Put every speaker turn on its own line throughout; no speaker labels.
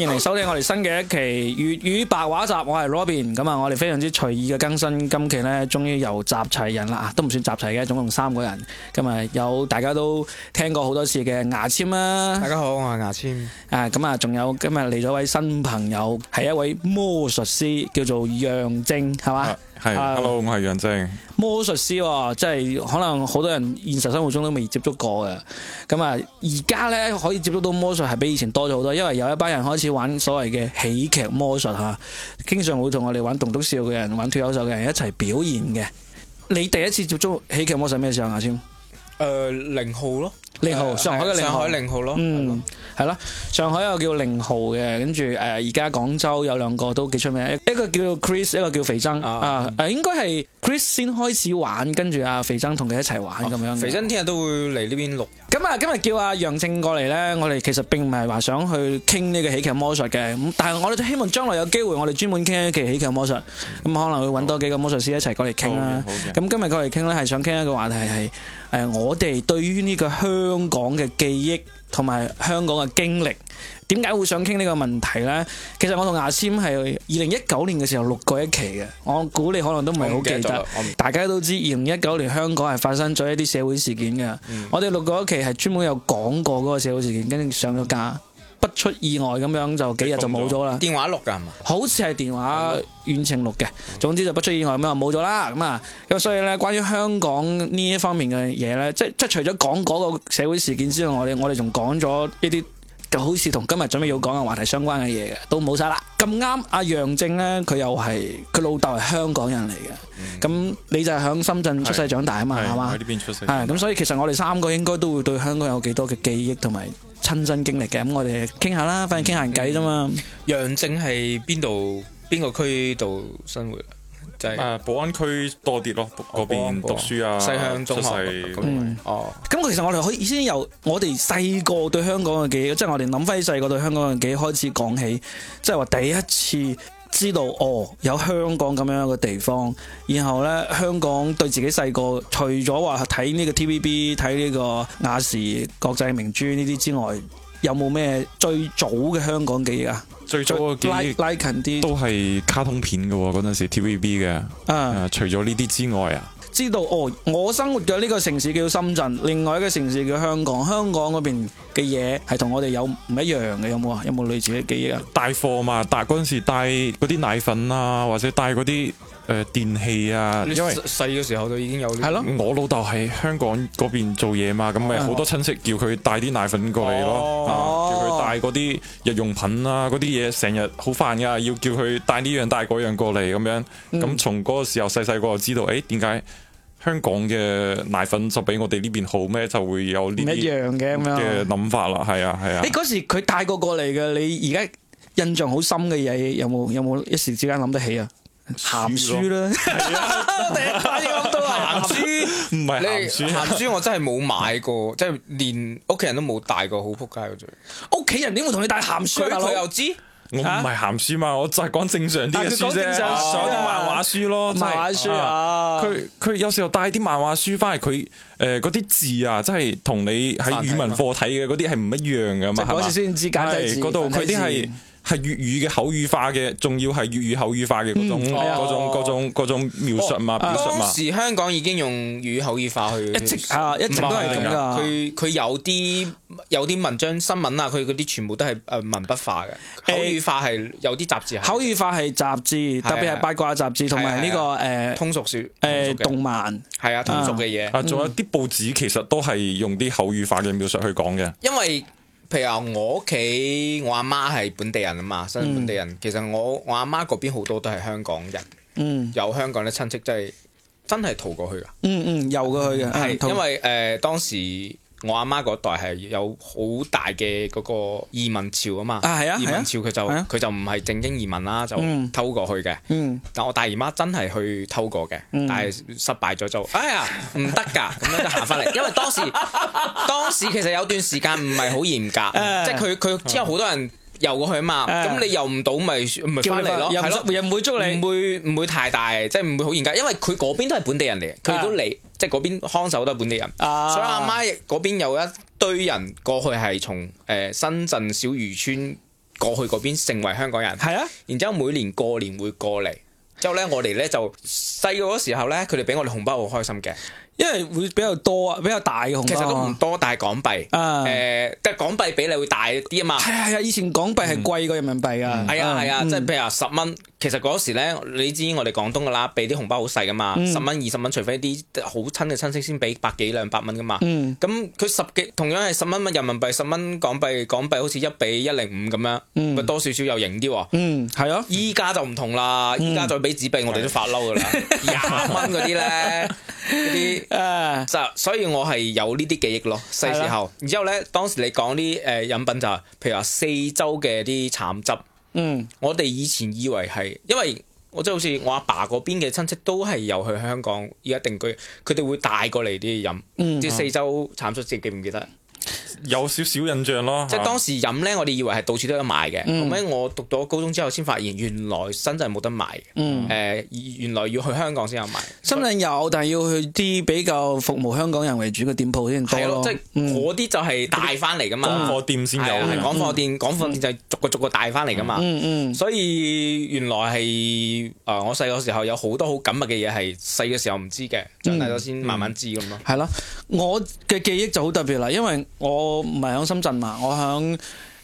歡迎嚟收聽我哋新嘅一期粵語白話集，我係 Robin，咁啊，我哋非常之隨意嘅更新，今期咧終於又集齊人啦，啊，都唔算集齊嘅，總共三個人，今日有大家都聽過好多次嘅牙籤啦，大家好，我係牙籤，誒，咁啊，仲有今日嚟咗位新朋友，係一位魔術師，叫做楊正。係嘛？
係 Yeah ,，Hello，、um, 我係楊正。
魔術師、哦、即係可能好多人現實生活中都未接觸過嘅，咁啊而家咧可以接觸到魔術係比以前多咗好多，因為有一班人開始玩所謂嘅喜劇魔術吓、啊，經常會同我哋玩棟篤笑嘅人、玩脱口秀嘅人一齊表演嘅。你第一次接觸喜劇魔術咩時候啊？先、
呃，誒，零號咯。零號，上海嘅海零，零號咯。
嗯，係咯吧，上海有叫零號嘅，跟住誒，而、呃、家廣州有兩個都幾出名，一個叫 Chris，一個叫肥增啊。誒，應該係 Chris 先開始玩，跟住阿肥增同佢一齊玩咁、啊、樣。肥增
聽日都會嚟呢邊錄。
咁啊、嗯，今日叫阿楊正過嚟咧，我哋其實並唔係話想去傾呢個喜劇魔術嘅，咁但係我哋希望將來有機會，我哋專門傾一傾喜劇魔術，咁的、嗯、可能會揾多幾個魔術師一齊過嚟傾啦。咁今日過嚟傾咧，係想傾一個話題係。誒，我哋對於呢個香港嘅記憶同埋香港嘅經歷，點解會想傾呢個問題呢？其實我同牙籤係二零一九年嘅時候錄過一期嘅，我估你可能都唔係好記得。記得大家都知二零一九年香港係發生咗一啲社會事件嘅，嗯、我哋錄過一期係專門有講過嗰個社會事件，跟住上咗架。出意外咁樣幾就幾日就冇咗啦。電話錄噶係嘛？好似係電話遠程錄嘅。總之就不出意外咁啊，冇咗啦。咁啊，咁所以咧，關於香港呢一方面嘅嘢咧，即即除咗講嗰個社會事件之外，我哋我哋仲講咗一啲。就好似同今日準備要講嘅話題相關嘅嘢嘅，都冇晒啦。咁啱，阿楊正咧，佢又係佢老豆係香港人嚟嘅。咁、嗯、你就係響深圳出世長大啊嘛，係嘛、嗯？喺呢邊出世。係，咁所以其實我哋三個應該都會對香港有幾多嘅記憶同埋親身經歷嘅。咁我哋
傾下啦，反正傾閒偈
啫嘛。
楊正係邊度？邊個區度生活？誒寶、就是啊、安區多啲咯，嗰邊讀書啊，西鄉中學
咁生、嗯、哦，咁其實我哋可以先由我哋細個對香港嘅記憶，即、就、係、是、我哋諗翻起細個對香港嘅記憶開始講起，即係話第一次知道哦有香港咁樣一個地方。然後咧，香港對自己細個除咗話睇呢個 TVB、睇呢個亞視、國際明珠呢啲之外，有冇咩最早嘅香港記憶啊？最早嘅
記憶，都係卡通片嘅喎、哦，嗰陣時 T V B 嘅。啊、uh, 呃，除咗呢啲之外啊，
知道哦。我生活嘅呢個城市叫深圳，另外一個城市叫香港。香港嗰邊嘅嘢係同我哋有唔一樣嘅，有冇
啊？有冇類似嘅記憶啊？帶貨嘛，但嗰陣時帶嗰啲奶粉啊，或者帶嗰啲。誒、呃，電器啊，因為細嘅時候就已經有係咯啥，我老豆喺香港嗰邊做嘢嘛，咁咪好多親戚叫佢帶啲奶粉過嚟咯，啊哦哦啊、叫佢帶嗰啲日用品啊，嗰啲嘢成日好煩噶，要叫佢帶呢樣帶嗰樣過嚟咁樣，咁從嗰個時候細細個就知道，誒、欸，點解香港嘅奶粉就比我哋呢邊好咩？就會有呢啲嘅咁樣嘅諗法啦，係啊，係啊。啊你
嗰時佢帶過過嚟嘅，你而家印象好深嘅嘢，有冇有冇一時之間諗得起啊？
鹹書啦，第一
班講到鹹書，唔係鹹書，鹹書我真係冇買過，即係連屋企人都冇帶過好
仆街嘅嘴。屋企人點會同你帶鹹書？佢又知，我唔係鹹書嘛，我就係講正常啲嘅書啫。所有漫畫書咯，漫畫書啊，佢佢有時候帶啲漫畫書翻嚟，佢誒嗰啲字啊，真係同你喺語文課睇嘅嗰啲係唔一樣嘅，咁係嘛？嗰時先知，繁體佢啲係。係粵語嘅口語化嘅，仲要係粵語口語化嘅嗰種、嗰種、嗰種、嗰種描述嘛，表述嘛。當時
香港已經用粵語口語化去一直啊，一直都係咁噶。佢佢有啲有啲文章、新聞啊，佢嗰啲全部都係誒文筆化嘅。口語化係有啲雜誌，口語化係雜誌，
特別係八卦雜誌同埋呢個
誒通俗小誒動漫，係啊通俗嘅嘢。啊，仲有
啲報紙其實都係用啲口語化嘅描述去講嘅，
因為。譬如話，我屋企我阿媽係本地人啊嘛，新本地人。其實我我阿媽嗰邊好多都係香港人，嗯、有香港啲親戚，即係真係逃過去噶、嗯。嗯嗯，游過去嘅，係因為誒、呃、當時。我阿媽嗰代係有好大嘅嗰個移民潮啊嘛，係啊，移民潮佢就佢就唔係正經移民啦，就偷過去嘅。但我大姨媽真係去偷過嘅，但係失敗咗就，哎呀唔得噶，咁樣就行翻嚟。因為當時當時其實有段時間唔係好嚴格，即係佢佢之後好多人遊過去啊嘛，咁你遊唔到咪咪翻嚟咯，又唔會捉你唔會唔會太大，即係唔會好嚴格，因為佢嗰邊都係本地人嚟，佢都理。即係嗰邊看守都係本地人，啊、所以阿媽亦嗰邊有一堆人過去係從誒、呃、深圳小漁村過去嗰邊成為香港人。係啊，然之後每年過年會過嚟，之後咧我哋咧就細個嗰時候咧，佢哋俾我哋紅包好開心嘅。因為會比較多啊，比較大嘅紅包，其實都唔多，大港幣，誒，但係港幣比例會大啲啊嘛。係啊係啊，以前港幣係貴
過人民幣啊。係啊係啊，即係
譬如話十蚊，其實嗰時咧，你知我哋廣東噶啦，俾啲紅包好細噶嘛，十蚊二十蚊，除非啲好親嘅親戚先俾百幾兩百蚊噶嘛。咁佢十幾，同樣係十蚊蚊人民幣，十蚊港幣，港幣好似一比一零五咁樣，咪多少少又型啲。嗯，係啊，依家就唔同啦，依家再俾紙幣我哋都發嬲噶啦，廿蚊嗰啲咧，嗰啲。誒，就、uh, 所以我係有呢啲記憶咯，細時候。的然之後咧，當時你講啲誒飲品就係、是，譬如話四周嘅啲橙汁。嗯，我哋以前以為係，因為我即係好似我阿爸嗰邊嘅親戚都係有去香港依家定居，佢哋會帶過嚟啲飲，啲、嗯、四周橙汁，記唔記得？嗯 有少少印象咯，即係當時飲咧，我哋以為係到處都有賣嘅。後尾我讀到高中之後先發現，原來深圳冇得賣。誒，原來要去香港先有賣。
深圳有，但係要去啲比較服務香港人為主嘅店鋪先多咯。即係嗰
啲就係帶翻嚟㗎嘛。港貨店先有。係啊，港貨店，港貨店就逐個逐個帶翻嚟㗎嘛。所以原來係啊，我細個時候有好多好緊密嘅嘢係細嘅時候唔知嘅，就大咗先慢慢知咁咯。
係咯，我嘅記憶就好特別啦，因為我。我唔係喺深圳嘛，我喺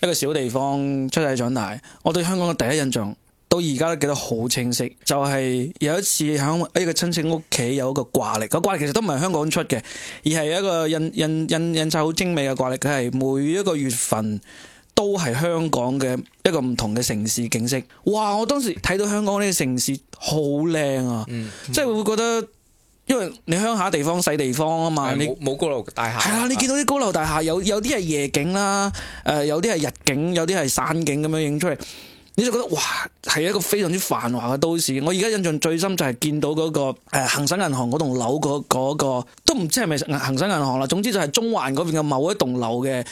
一個小地方出世長大。我對香港嘅第一印象，到而家都記得好清晰。就係有一次喺一個親戚屋企有一個掛曆，個掛曆其實都唔係香港出嘅，而係一個印印印印晒好精美嘅掛曆。佢係每一個月份都係香港嘅一個唔同嘅城市景色。哇！我當時睇到香港呢個城市好靚啊，嗯嗯、即係會覺得。因為你鄉下地方細地方啊嘛，
冇冇高樓大廈。係啊，你見
到啲高樓大廈，有有啲係夜景啦，誒有啲係日景，有啲係山景咁樣影出嚟，你就覺得哇，係一個非常之繁華嘅都市。我而家印象最深就係見到嗰個誒恒生銀行嗰棟樓嗰嗰個，都唔知係咪恒生銀行啦，總之就係中環嗰邊嘅某一棟樓嘅。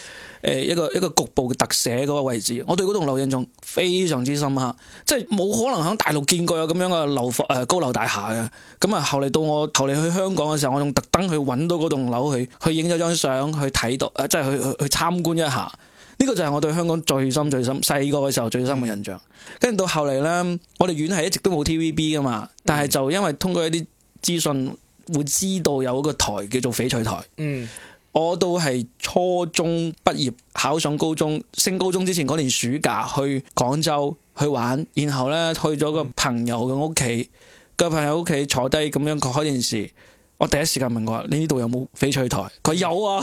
誒一個一個局部嘅特寫嗰個位置，我對嗰棟樓印象非常之深刻，即係冇可能喺大陸見過有咁樣嘅樓房、呃、高樓大廈嘅。咁啊，後嚟到我後嚟去香港嘅時候，我仲特登去揾到嗰棟樓去去影咗張相去睇到，誒即係去去去參觀一下。呢、這個就係我對香港最深最深細個嘅時候最深嘅印象。跟住、嗯、到後嚟呢，我哋院係一直都冇 TVB 噶嘛，但係就因為通過一啲資訊會知道有嗰個台叫做翡翠台。
嗯。
我都係初中畢業考上高中，升高中之前嗰年暑假去廣州去玩，然後呢，去咗個朋友嘅屋企，個朋友屋企坐低咁樣開電視，我第一時間問佢話：你呢度有冇翡翠台？
佢有啊，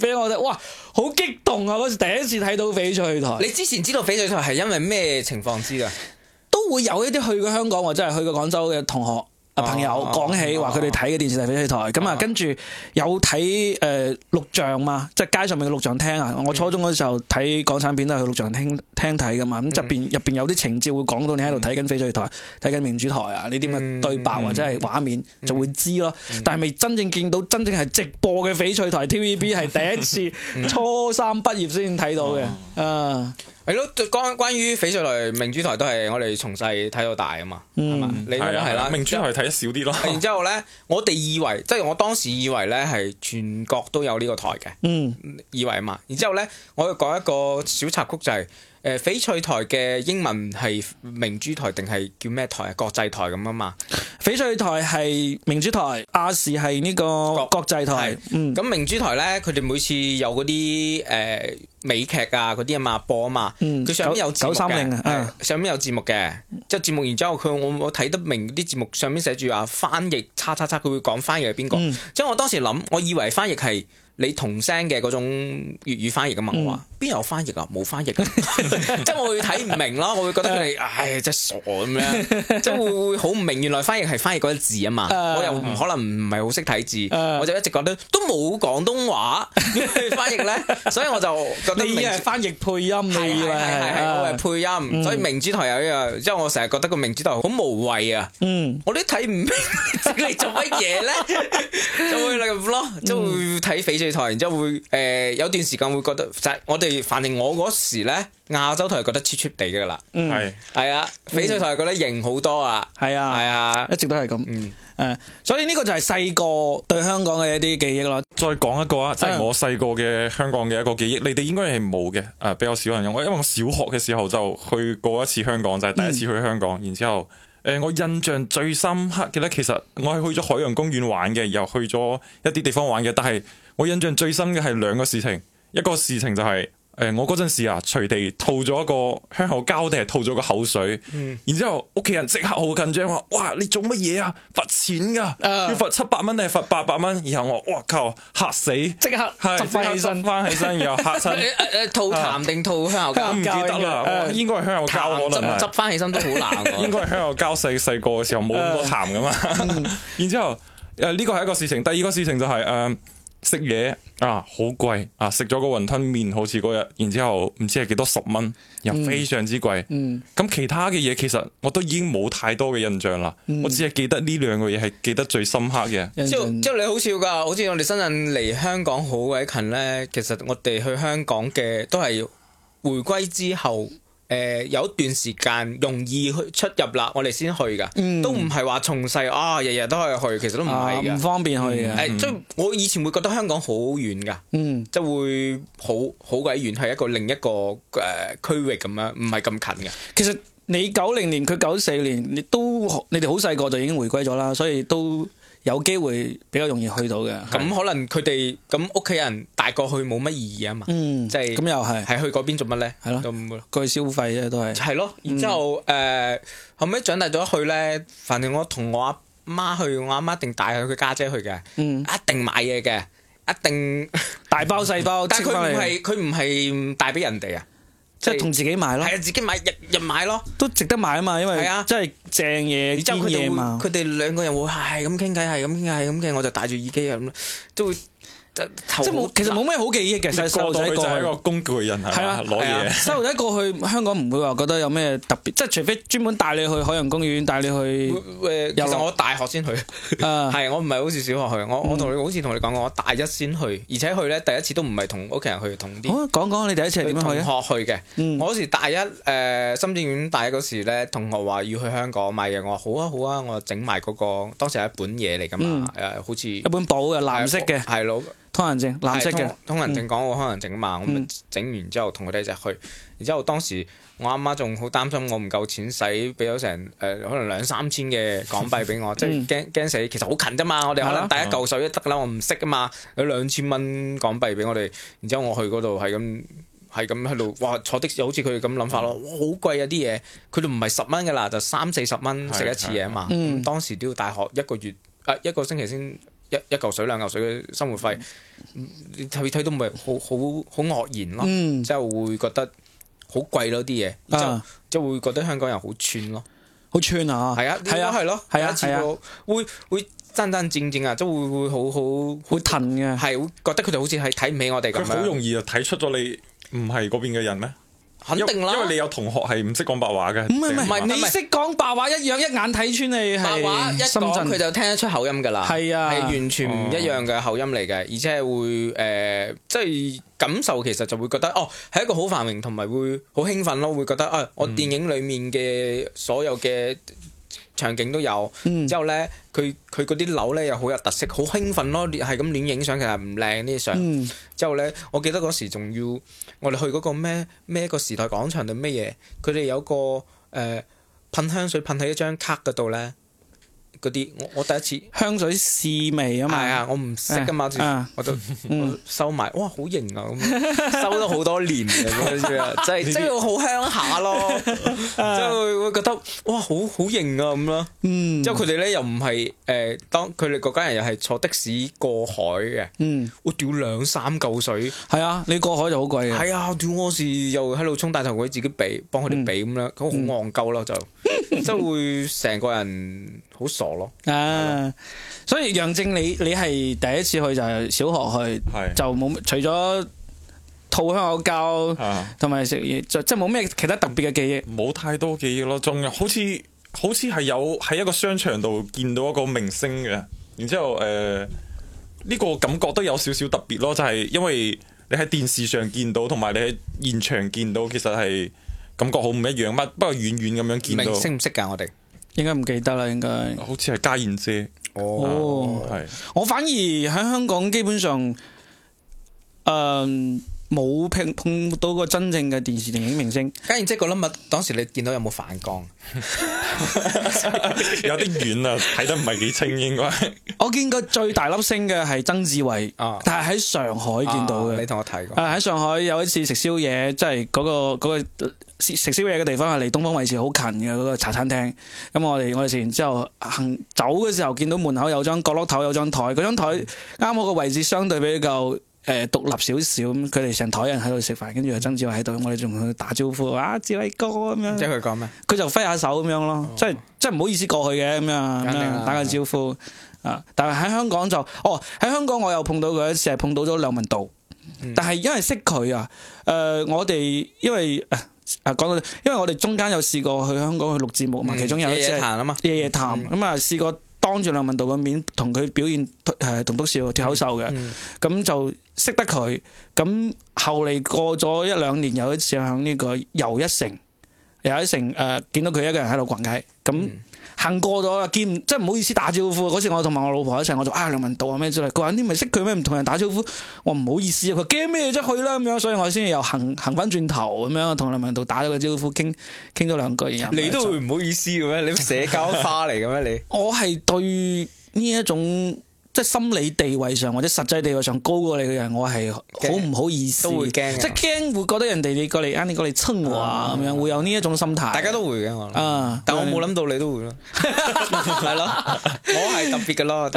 俾我哋，哇，好激動啊！嗰時第一次睇到翡翠台。你之前知道翡翠台係因為咩情況知噶？都會有
一啲去過香港或者係去過廣州嘅同學。朋友講起話佢哋睇嘅電視係翡翠台，咁啊跟住有睇誒錄像嘛，即係街上面嘅錄像廳啊。嗯、我初中嗰時候睇港產片都係去錄像廳聽睇噶嘛，咁側、嗯、邊入邊有啲情節會講到你喺度睇緊翡翠台、睇緊、嗯、明珠台啊，呢啲咁對白、啊嗯、或者係畫面就會知咯。嗯、但係未真正見到真正係直播嘅翡翠台 TVB 係第一次，初三畢業先睇到嘅
啊。係咯，關關於翡翠台、明珠台都係我哋從細睇到大啊嘛，係嘛，嗯，你都係啦。明珠台睇得少啲咯。然之後咧，我哋以為，即係我當時以為呢係全國都有呢個台嘅，嗯、以為啊嘛。然之後咧，我要講一個小插曲就係。翡翠台嘅英文係明珠台定係叫咩台啊？國際台咁啊嘛，翡翠台係明珠台，亞視係呢個國際台。咁明珠台呢，佢哋每次有嗰啲誒美劇啊嗰啲啊嘛播啊嘛，佢上邊有九三零，上邊有字幕嘅，即係字幕。然之後佢我我睇得明啲字幕，上面寫住話翻譯叉叉叉，佢會講翻譯係邊個？即係我當時諗，我以為翻譯係。你同聲嘅嗰種粵語翻譯嘅文話啊？邊有翻譯啊？冇翻譯，即係我會睇唔明咯。我會覺得佢哋唉真係傻咁樣，即係會好唔明。原來翻譯係翻譯嗰啲字啊嘛。我又唔可能唔係好識睇字，我就一直覺得都冇廣東話翻譯咧。所以我就覺得你係翻譯配音嚟嘅，係係係我係配音。所以明珠台有又有，因為我成日覺得個明珠台好無謂啊。嗯，我都睇唔明你做乜嘢咧，就係咁咯，都睇台，然之後會誒、呃、有段時間會覺得就係我哋，反正我嗰時咧亞洲台係覺得 cheap cheap 地嘅啦，係係啊翡翠台係覺得
型好多啊，係啊係啊，嗯、啊一直都係咁誒，嗯、所以呢個就係細個對香港嘅一啲記憶咯。再講一個啊，就係、是、我細個嘅香港嘅一個記憶，你哋應該係冇嘅啊，比較少人用。我因為我小學嘅時候就去過一次香港，就係、是、第一次去香港，嗯、然之後誒、呃、我印象最深刻嘅咧，其實我係去咗海洋公園玩嘅，又去咗一啲地方玩嘅，但係，我印象最深嘅係兩個事情，一個事情就係誒，我嗰陣時啊，隨地吐咗一個香口膠定係吐咗個口水，然之後屋企人即刻好緊張，話：哇，你做乜嘢啊？罰錢噶，要罰七百蚊定係罰八百蚊？然後我：哇靠，嚇死！即刻執翻起身，執翻起身，然後嚇親。誒，吐痰定吐香口膠？唔記得啦，應該係香口膠可能。執翻起身都好難。應該係香口膠，細細個嘅時候冇咁多痰噶嘛。然之後誒，呢個係一個事情。第二個事情就係誒。食嘢啊，好貴啊！食咗個雲吞麵好似嗰日，然之後唔知係幾多十蚊，又非常之貴。咁、嗯嗯、其他嘅嘢其實我都已經冇太多嘅印象啦，嗯、我只係記得呢兩個嘢係記得最深刻嘅。
即即係你好笑噶，好似我哋深圳離香港好鬼近咧，其實我哋去香港嘅都係回歸之後。誒、呃、有一段時間容易去出入啦，我哋先去噶，嗯、都唔係話從細啊，日日都可以去，其實都唔係噶，唔、啊、方便去嘅。即係、嗯呃、我以前會覺得香港好遠噶，嗯，即係會好好鬼遠，係一個另一個誒、呃、區域咁樣，唔係咁近嘅。其實
你九零年，佢九四年，你都你哋好細個就已經回歸咗啦，所以都。有機會比較容易去到嘅，咁、嗯、可
能佢哋咁屋企人帶過去冇乜意義啊嘛，嗯，即係咁又係，係、嗯、去嗰邊做乜咧？係咯，過去消費啫，都係係咯。然、嗯、之後誒、呃，後尾長大咗去咧，反正我同我阿媽去，我阿媽一定帶佢佢家姐去嘅，嗯一，一定買嘢嘅，一定大包細包，但係佢唔係佢唔係帶俾人哋啊。即係同自己買咯，係啊，自己買日日買咯，都值得買啊嘛，因為、係啊、真係正嘢、堅嘢嘛。佢哋兩個人會係咁傾偈，係咁傾偈，係咁嘅，我就戴住耳機啊咁，都、就會。即係冇，其實冇咩好記憶嘅，細路仔過去就係一個
工具人，
係，攞嘢吧。細路仔過去香港唔會話覺得有咩特別，即係除非專門帶你去海
洋公園，帶你去
誒。其實我
大學先去，係、啊、 我唔係好似小學去，我、嗯、我同你好似同你講過，我大一先去，而且去咧第一次都唔係同屋企人去，同啲、哦、講講你第一次係點樣去同學去嘅。嗯、我嗰時大一誒、呃，深圳院大一嗰時咧，同學話要去香港買嘢，我話好啊好啊，我整埋嗰個當時係一本嘢嚟㗎嘛，誒、嗯、好似像一本簿嘅藍色嘅，係咯。
通行證，藍色嘅。通行證
講我通行證啊嘛，咁整、嗯、完之後同佢哋一齊去。然之後當時我阿媽仲好擔心我唔夠錢使，俾咗成誒、呃、可能兩三千嘅港幣俾我， 嗯、即係驚驚死。其實好近咋嘛，我哋可能第一嚿水都得噶啦，我唔識啊嘛。有兩千蚊港幣俾我哋，然之後我去嗰度係咁係咁喺度，哇！坐的士好似佢咁諗法咯，好、嗯、貴啊啲嘢，佢哋唔係十蚊噶啦，就三四十蚊食一次嘢啊嘛。當時都要大學一個月誒、呃、一個星期先。一一嚿水兩嚿水嘅生活費，你睇睇到唔係好好好愕然咯，嗯、即係會覺得好貴咯啲嘢，即即、嗯、會覺得香港人好串咯，好串啊嚇，係啊係啊係咯，係啊係啊，會真真正正啊，即會會好
好好騰嘅，係會，會，會覺得佢哋好似係睇唔起我哋咁樣。好容易就睇出咗你唔係嗰邊嘅人咧。肯定啦，因為你有同學係唔識講白話嘅。唔係唔係，唔係唔係你識
講白話，一樣，一眼睇穿你。白話一講佢深圳
就聽得出口音㗎喇。係是啊，完全唔
一樣嘅口音嚟嘅，而且係會誒、呃，即係感受其實就會覺得哦，係一個好繁榮同埋會好興奮咯，會覺得啊，我電影裡面嘅所有嘅。場景都有，之後咧佢佢嗰啲樓咧又好有特色，好興奮咯，亂係咁亂影相，其實唔靚呢啲相。之後咧，我記得嗰時仲要我哋去嗰個咩咩一個時代廣場定乜嘢，佢哋有個誒、呃、噴香水噴喺一張卡嗰度咧。嗰啲，我我第一次香水試味啊嘛，係啊，我唔識㗎嘛，我就收埋，哇，好型啊咁，收咗好多年，知唔知啊？即係即係好鄉下咯，即係會覺得哇，好好型啊咁啦，嗯，即係佢哋咧又唔係誒，當佢哋嗰家人又係坐的士過海嘅，嗯，我屌兩三嚿水，係啊，你過海就好貴嘅，係啊，屌我時又喺度衝大頭鬼，自己畀幫佢哋畀咁啦，咁好戇鳩咯就，即係會成個人。好傻咯！啊，的所以楊正你，你你係
第一次去就係小學去，的就冇除咗套香口膠，
同埋食嘢，就即係冇咩其他特別嘅記憶。冇太多記憶咯，仲有好似好似係有喺一個商場度見到一個明星嘅，然之後誒呢、呃這個感覺都有少少特別咯，就係、是、因為你喺電視上見到，同埋你喺現場見到，其實係感覺好唔一樣啊！不過遠遠咁樣見到明星唔識噶，我哋。
應該唔記得啦，應該。好似係嘉燕姐，哦，係、哦。係。我反而喺香港基本上，誒、呃。冇碰碰到個
真正嘅電視電影明星。跟住即係個粒物，當時你見到有冇反光？
有啲遠啊，睇得唔係幾清應該。 我見過最大粒星
嘅係曾志偉，啊、但係喺上海見到嘅、啊。你同我睇過。喺、啊、上海有一次食宵夜，即係嗰個食、那個那個、宵夜嘅地方係離東方衛視好近嘅嗰、那個茶餐廳。咁我哋我哋食完之後行走嘅時候，見到門口有張角落頭有張台，嗰張台啱好個位置相對比較。誒獨立少少咁，佢哋成台人喺度食飯，跟住阿曾志偉喺度，我哋仲去打招呼啊，志偉哥咁樣。即係佢講咩？佢就揮下手咁樣咯、哦，即係即係唔好意思過去嘅咁樣，打個招呼啊！嗯、但係喺香港就哦，喺香港我又碰到佢，成日碰到咗梁文道，但係因為識佢、呃、啊，誒我哋因為誒講到，因為我哋中間有試過去香港去錄節目嘛，嗯、其中有一次，夜夜談啊嘛，夜夜談咁啊、嗯嗯、試過。當住梁文道嘅面同佢表現誒同篤笑脫口秀嘅，咁、嗯、就識得佢。咁後嚟過咗一兩年，有一次喺呢個又一城，又一城誒、呃、見到佢一個人喺度逛街，咁。嗯行過咗啊，見即係唔好意思打招呼。嗰時我同埋我老婆一齊，我就啊、哎、梁文道啊咩之類，佢話你咪係識佢咩，唔同人打招呼。我唔好意思啊，佢驚咩啫？去啦咁樣，所以我先又行行翻轉頭咁樣，同梁文道打咗個招呼，傾傾咗兩句。然後你都會唔
好意思嘅咩？ 你
社交化嚟嘅咩？你 我係對呢一種。即係心理地位上或者實際地位上高過你嘅人，我係好唔好意思，都會驚，即係驚會覺得人哋你過嚟，啱、嗯、你過嚟稱我啊咁樣，嗯、會有呢一種心態。大家都會嘅，我，啊、嗯，但我冇諗到你都會咯，係咯，我係特別嘅咯。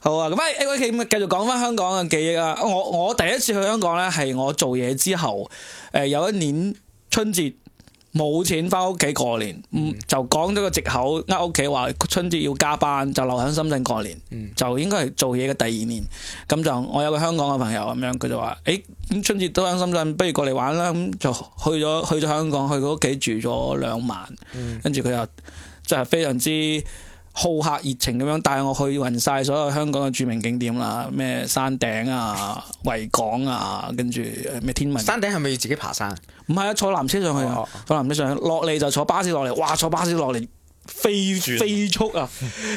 好啊，咁啊，誒，OK，咁繼續講翻香港嘅記憶啊。我我第一次去香港咧，係我做嘢之後，誒有一年春節。冇錢翻屋企過年，嗯、就講咗個藉口，呃，屋企話春節要加班，就留喺深圳過年。嗯、就應該係做嘢嘅第二年，咁就我有個香港嘅朋友咁樣，佢就話：誒、欸，咁春節都喺深圳，不如過嚟玩啦。咁就去咗去咗香港，去佢屋企住咗兩晚，跟住佢又真係非常之好客熱情咁樣帶我去勻晒所有香港嘅著名景點啦，咩山頂啊、維港啊，跟住咩天文、啊。山頂係咪要自己爬山、啊？唔係啊，坐纜車上去啊，哦哦、坐纜車上去，落嚟就坐巴士落嚟，哇！坐巴士落嚟飛住，飛速啊！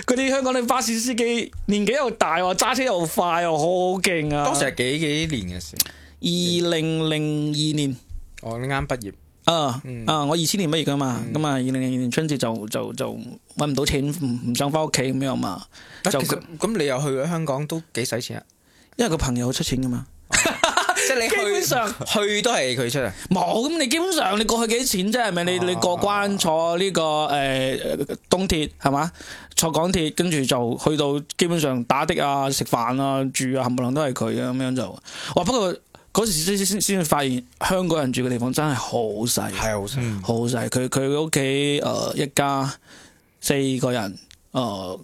嗰啲 香港啲巴士司機年紀又大、啊，揸車又快，好勁啊！勁啊，當時係
幾幾年嘅事？
二零零二年，我啱畢業。啊啊！Uh, uh, 嗯、我二千年畢業噶嘛，咁啊、嗯，二零零二年春節就就就揾唔到錢，唔想返屋企咁樣嘛。但咁、啊、你又去咗香港都幾使錢啊？因為個朋友出錢噶嘛，哦、即係你，你基本上去都係佢出嚟。冇咁你基本上你過去幾錢啫？係咪你你過關坐呢、呢個誒、呃、東鐵係嘛？坐港鐵跟住就去到基本上打的啊、食飯啊、住啊，冚唪唥都係佢啊咁樣就。哇、啊！不過～嗰時先先先先發現香港人住嘅地方真係好細，係好細，好細。佢佢屋企誒一家四個人，誒、呃、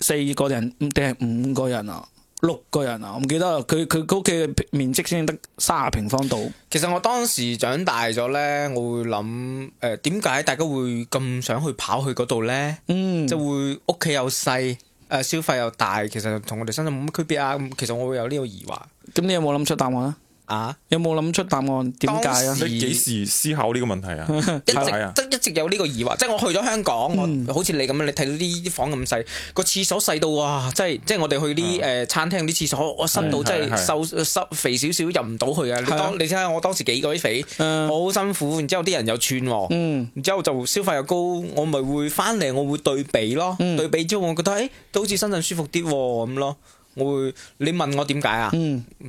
四個人定係五個人啊？
六個人啊？我唔記得啦。佢佢屋企嘅面積先得三十平方度。其實我當時長大咗咧，我會諗誒點解大家會咁想去跑去嗰度咧？嗯就，就會屋企又細，誒、呃、消費又大，其實同我哋深圳冇乜區別啊。咁其實我會有呢個疑惑。咁你有冇諗出答案啊？啊！有冇諗出答案？點
解啊？你幾時思考呢個問題啊？一直一直有呢個疑惑。即係我去咗香港，
我好似你咁樣，你睇到呢啲房咁細，個廁所細到哇！即係即係我哋去啲誒餐廳啲廁所，我身度真係瘦肥少少入唔到去啊！你睇下我當時幾鬼肥，我好辛苦。然之後啲人又串，然之後就消費又高，我咪會翻嚟，我會對比咯。對比之後，我覺得都好似深圳舒服啲咁咯。我會你問我點解啊？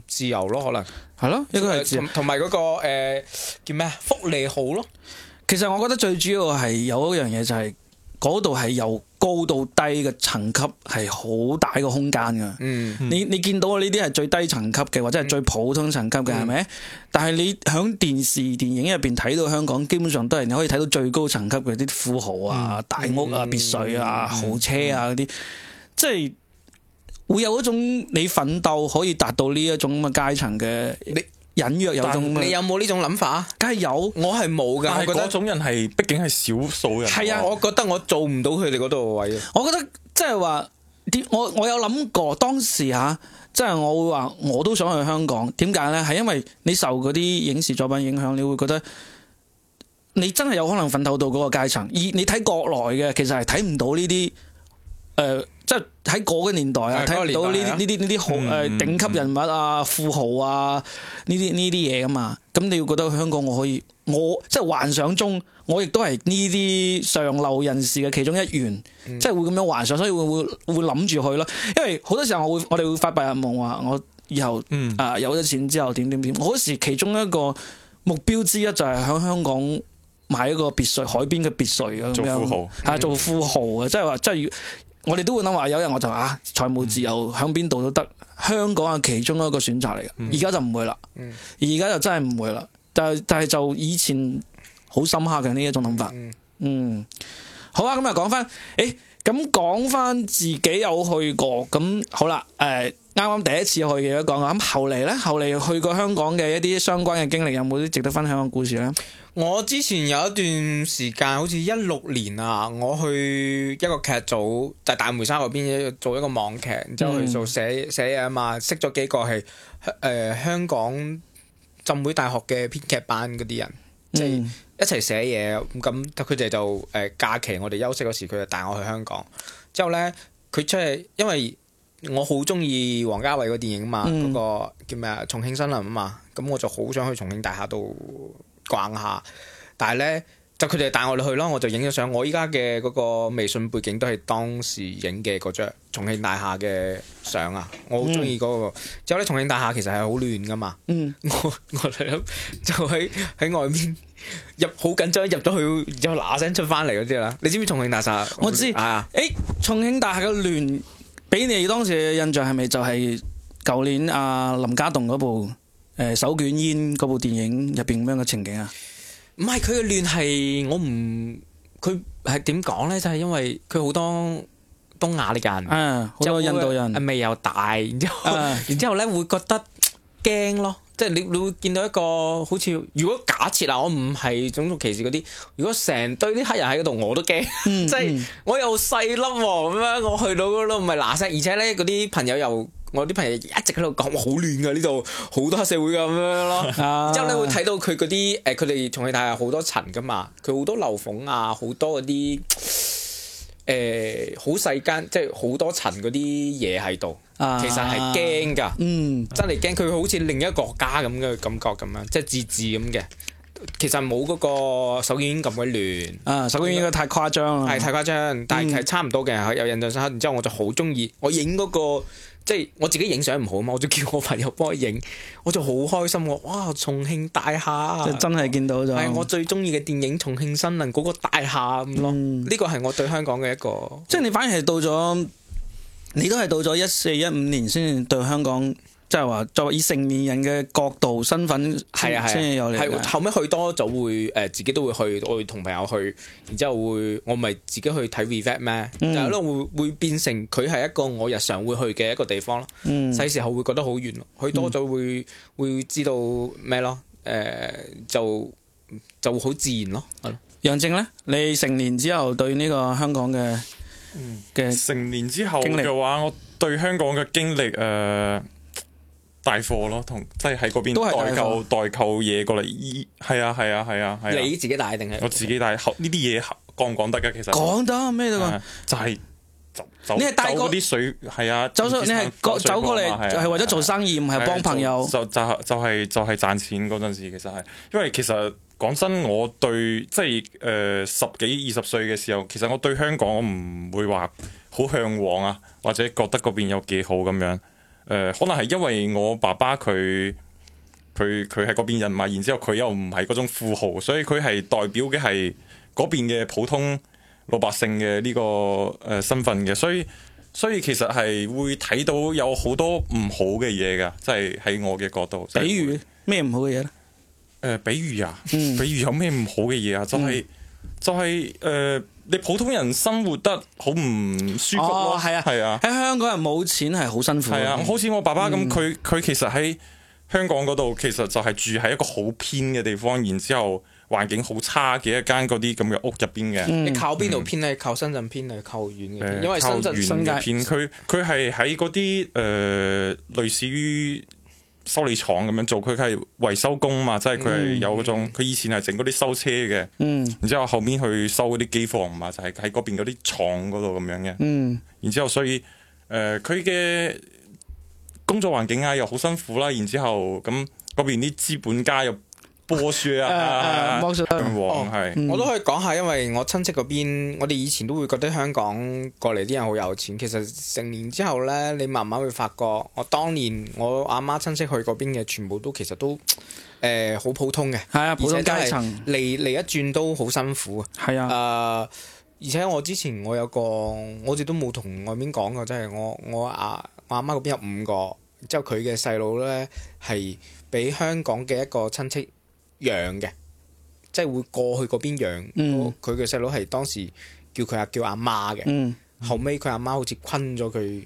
自由咯，可能。係咯，一個係同埋嗰個誒叫咩福利好咯。 其實我覺得最主要係有一樣嘢就係
嗰度係由高到低嘅層級係好大個空間噶、嗯。嗯，你你見到啊呢啲係最低層級嘅或者係最普通層級嘅係咪？但係你響電視電影入邊睇到香港，基本上都係你可以睇到最高層級嘅啲富豪啊、嗯、大屋啊、別、嗯、墅啊、嗯、豪車啊啲、嗯嗯，即係。會有一種你奮鬥可以達到呢一種咁嘅階層嘅，你隱約有種你，你有冇呢種諗法？梗係有，我係冇㗎。但係嗰
種人係畢竟係少
數人。係啊，我覺得我做唔到佢哋嗰度個位。
我覺得即係話，我我有諗過，當時吓，即係我會話，我都想去香港。點解咧？係因為你受嗰啲影視作品影響，你會覺得你真係有可能奮鬥到嗰個階層。而你睇國內嘅，其實係睇唔到呢啲誒。呃即係喺嗰個年代啊，睇到呢啲呢啲呢啲好誒頂級人物啊、嗯、富豪啊呢啲呢啲嘢噶嘛，咁你會覺得香港我可以，我即係幻想中，我亦都係呢啲上流人士嘅其中一員，嗯、即係會咁樣幻想，所以會會會諗住去咯。因為好多時候我會我哋會發白日夢話，我以後啊、嗯呃、有咗錢之後點點點，我嗰時其中一個目標之一就係喺香港買一個別墅、海邊嘅別墅咁樣，係做富豪啊，即係話即係我哋都會諗話有日我就話啊財務自由喺邊度都得，香港係其中一個選擇嚟嘅。而家就唔會啦，而家就真係唔會啦。但但係就以前好深刻嘅呢一種諗法。嗯，好啊，咁又講翻，誒、欸，咁講翻自己有去過，咁好啦，誒、呃。啱啱第一次去嘅都講啊，咁後嚟咧，後嚟去過香港嘅一啲相關嘅經歷，有冇啲值得分享嘅故事咧？
我之前有一段時間，好似一六年啊，我去一個劇組，就係、大梅沙嗰邊做一個網劇，然之後去做寫寫嘢啊嘛，識咗幾個係香、呃、香港浸會大學嘅編劇班嗰啲人，即係一齊寫嘢咁，佢哋就誒、呃、假期我哋休息嗰時，佢就帶我去香港。之後咧，佢出嚟因為。我好中意王家衛個電影啊嘛，嗰、嗯，那個叫咩啊？重慶森林啊嘛，咁我就好想去重慶大廈度逛下。但係咧，就佢哋帶我哋去咯，我就影咗相。我依家嘅嗰個微信背景都係當時影嘅嗰張重慶大廈嘅相啊，我好中意嗰個。之後咧，重慶大廈其實係好亂噶嘛。嗯、我我就喺喺外面入好緊張，入咗去然之後又嗱聲出翻嚟嗰啲啦。你知唔知重慶大廈？我知。誒、哎，重慶大廈嘅亂。俾你當時嘅印象
係咪就係舊年阿、啊、林家棟嗰部誒、呃、手捲煙嗰部電影入邊咁樣嘅情景啊？
唔係，佢嘅亂係我唔佢係點講咧？就係、是、因為佢好多東亞呢人，嗯，好多印度人，味會又大，嗯、然之後，嗯、然之後咧 會覺得驚咯。即係你你會見到一個好似如果假設啊，我唔係種族歧視嗰啲，如果成堆啲黑人喺嗰度，我都驚。嗯、 即係我又細粒，咁樣我去到都唔係嗱聲，而且咧嗰啲朋友又，我啲朋友一直喺度講，哇好亂噶呢度，好、啊、多黑社會噶咁樣咯。之、啊、後你會睇到佢嗰啲誒，佢哋同佢睇下好多塵噶嘛，佢好多漏縫啊，好多嗰啲誒好細間，即係好多塵嗰啲嘢喺度。其實係驚噶，啊嗯、真係驚佢好似另一個國家咁嘅感覺咁樣，即係自治咁嘅。其實冇嗰個手卷咁鬼亂，手卷應該太誇張啦。係太誇張，誇張嗯、但係差唔多嘅。有印象深刻，然之後我就好中意我影嗰、嗰個，即係我自己影相唔好嘛，我就叫我朋友幫我影，我就好開心。哇！重慶大廈，真係見到咗，係我最中意嘅電影《重慶森林》嗰個大廈咁咯。呢個係我對香港嘅一個，即係你反而係到咗。你都係到咗一四一五年先至
對香港，即係話作為以成年人嘅角度身份，係啊係，先有嚟。係、啊啊、後
尾去多咗會誒、呃，自己都會去，我會同朋友去，然之後會我咪自己去睇 revet 咩？但係咯，會會變成佢係一個我日常會去嘅一個地方咯。細、嗯、時候會覺得好遠去多咗會、嗯、會知道咩咯？誒、呃，
就就會好自然咯。
楊正咧，你成年之後對呢個香
港嘅？嗯，成年之後嘅話，我對香港嘅經歷誒，帶貨咯，同即係喺嗰邊代購代購嘢過嚟，係啊係啊係啊係啊，你自己帶定係？我自己帶，呢啲嘢講唔講得噶，其實講
得
咩啊？就係
走走，你係帶嗰啲水係啊，走你係走過嚟，就係為咗做生意，唔係幫朋友，就就就係就係賺錢嗰陣時，其實係，因為其實。講真，我對即係誒、呃、十幾二十歲嘅時候，其實我對香港我唔會話好向往啊，或者覺得嗰邊有幾好咁樣。誒、呃，可能係因為我爸爸佢佢佢喺嗰邊人嘛，然之後佢又唔係嗰種富豪，所以佢係代表嘅係嗰邊嘅普通老百姓嘅呢個誒身份嘅，所以所以其實係會睇到有好多唔好嘅嘢噶，即係喺我嘅角度。比如咩唔好嘅嘢咧？誒、呃，比如啊，嗯、比如有咩唔好嘅嘢啊？就係、是嗯、就係、是、誒、呃，你普通人生活得好唔舒服咯？係啊係啊，喺香港人冇錢係好辛苦。係啊，好似、啊啊、我爸爸咁，佢佢、嗯、其實喺香港嗰度，其實就係住喺一個好偏嘅地方，然之後環境好差嘅一間嗰啲咁嘅屋入邊嘅。嗯、你靠邊度
偏咧？嗯、靠深圳偏定係靠遠嘅偏？因為深圳嘅偏區，
佢係喺嗰啲誒類似於修理廠咁樣做，佢係維修工嘛，即係佢係有嗰種，佢、嗯、以前係整嗰啲修車嘅，嗯、然之後後面去修嗰啲機房嘛，就係喺嗰邊嗰啲廠嗰度咁樣嘅。嗯、然之後所以，誒佢嘅工作環境啊又好辛苦啦，然之後咁嗰邊啲資本家又。波叔啊，我都
可以講下，因為我親戚嗰邊，我哋以前都會覺得香港過嚟啲人好有錢。其實成年之後呢，你慢慢會發覺，我當年我阿媽親戚去嗰邊嘅，全部都其實都誒好、呃、普通嘅，係啊，普通階層嚟嚟一轉都好辛苦係啊、呃，而且我之前我有個，我哋都冇同外面講過，即係我我阿我阿媽嗰邊有五個，之後佢嘅細佬呢，係俾香港嘅一個親戚。養嘅，即係會過去嗰邊養。佢嘅細佬係當時叫佢阿叫阿媽嘅。嗯、後尾佢阿媽好似昆咗佢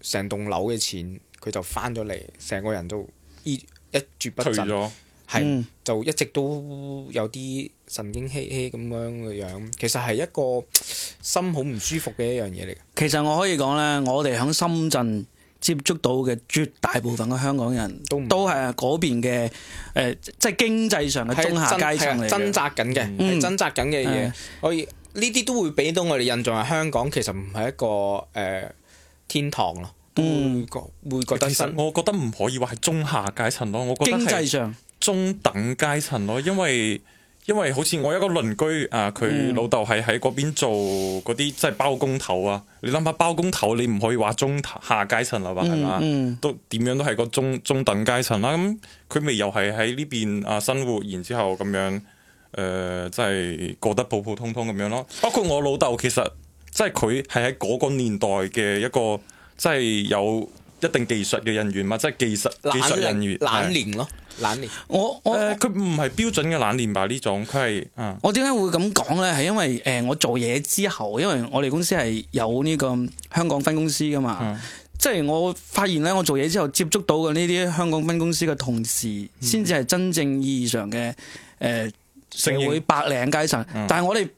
成棟樓嘅錢，佢、嗯、就返咗嚟，成個人都一一蹶不振，係就一直都有啲神經兮兮咁樣嘅樣。其實係一個心好唔舒服嘅一樣嘢嚟。
其實我可以講咧，我哋喺深圳。接觸到嘅絕大部分嘅香港人，都都係嗰邊嘅誒，即、呃、係、就是、經濟上嘅中下階層嚟嘅，掙扎
緊嘅，嗯、掙扎緊嘅嘢，可以呢啲都會俾到我哋印
象係香港其實唔係一個誒、呃、天堂咯，會覺會覺得，其實我覺得唔可以話係中下階層咯，我覺得係經濟上中等階層咯，因為。因為好似我一個鄰居啊，佢老豆係喺嗰邊做嗰啲即係包工頭啊。你諗下，包工頭你唔可以話中下階層啦，係嘛？嗯嗯、都點樣都係個中中等階層啦。咁佢咪又係喺呢邊啊生活，然之後咁樣誒，即、呃、係、就是、過得普普通通咁樣咯。包括我老豆，其實即係佢係喺嗰個年代嘅一個，即、就、係、是、有一定技術嘅人員嘛，即、就、係、是、技術懶技術人員，懶年連咯。是懶練，我我，佢唔係標準嘅冷練吧？呢種佢係，嗯、
我點解會咁講呢？係因為，誒、呃，我做嘢之後，因為我哋公司係有呢個香港分公司噶嘛，嗯、即係我發現呢，我做嘢之後接觸到嘅呢啲香港分公司嘅同事，先至係真正意義上嘅，誒、呃，社會白領階層。英但係我哋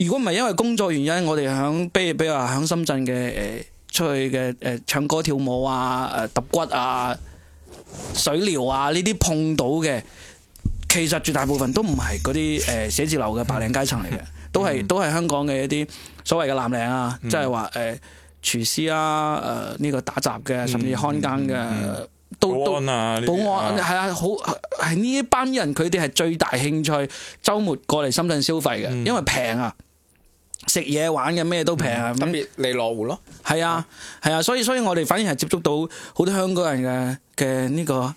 如果唔係因為工作原因，我哋響，比如比如話響深圳嘅，誒、呃，出去嘅，誒、呃，唱歌跳舞啊，誒、呃，揼骨啊。水療啊呢啲碰到嘅，其實絕大部分都唔係嗰啲誒寫字樓嘅白領階層嚟嘅、嗯，都係都係香港嘅一啲所謂嘅藍領啊，即係話誒廚師啊，誒、呃、呢、這個打雜嘅，甚至看更嘅，嗯嗯嗯嗯、都啊保安係啊，好係呢一班人，佢哋係最大興趣，周末過嚟深圳消費嘅，嗯、因為平啊。食嘢玩嘅咩都平啊！咁你落湖咯？係啊、嗯，係啊，所以所以，我哋反而係接觸到好多香港人嘅嘅呢個呢、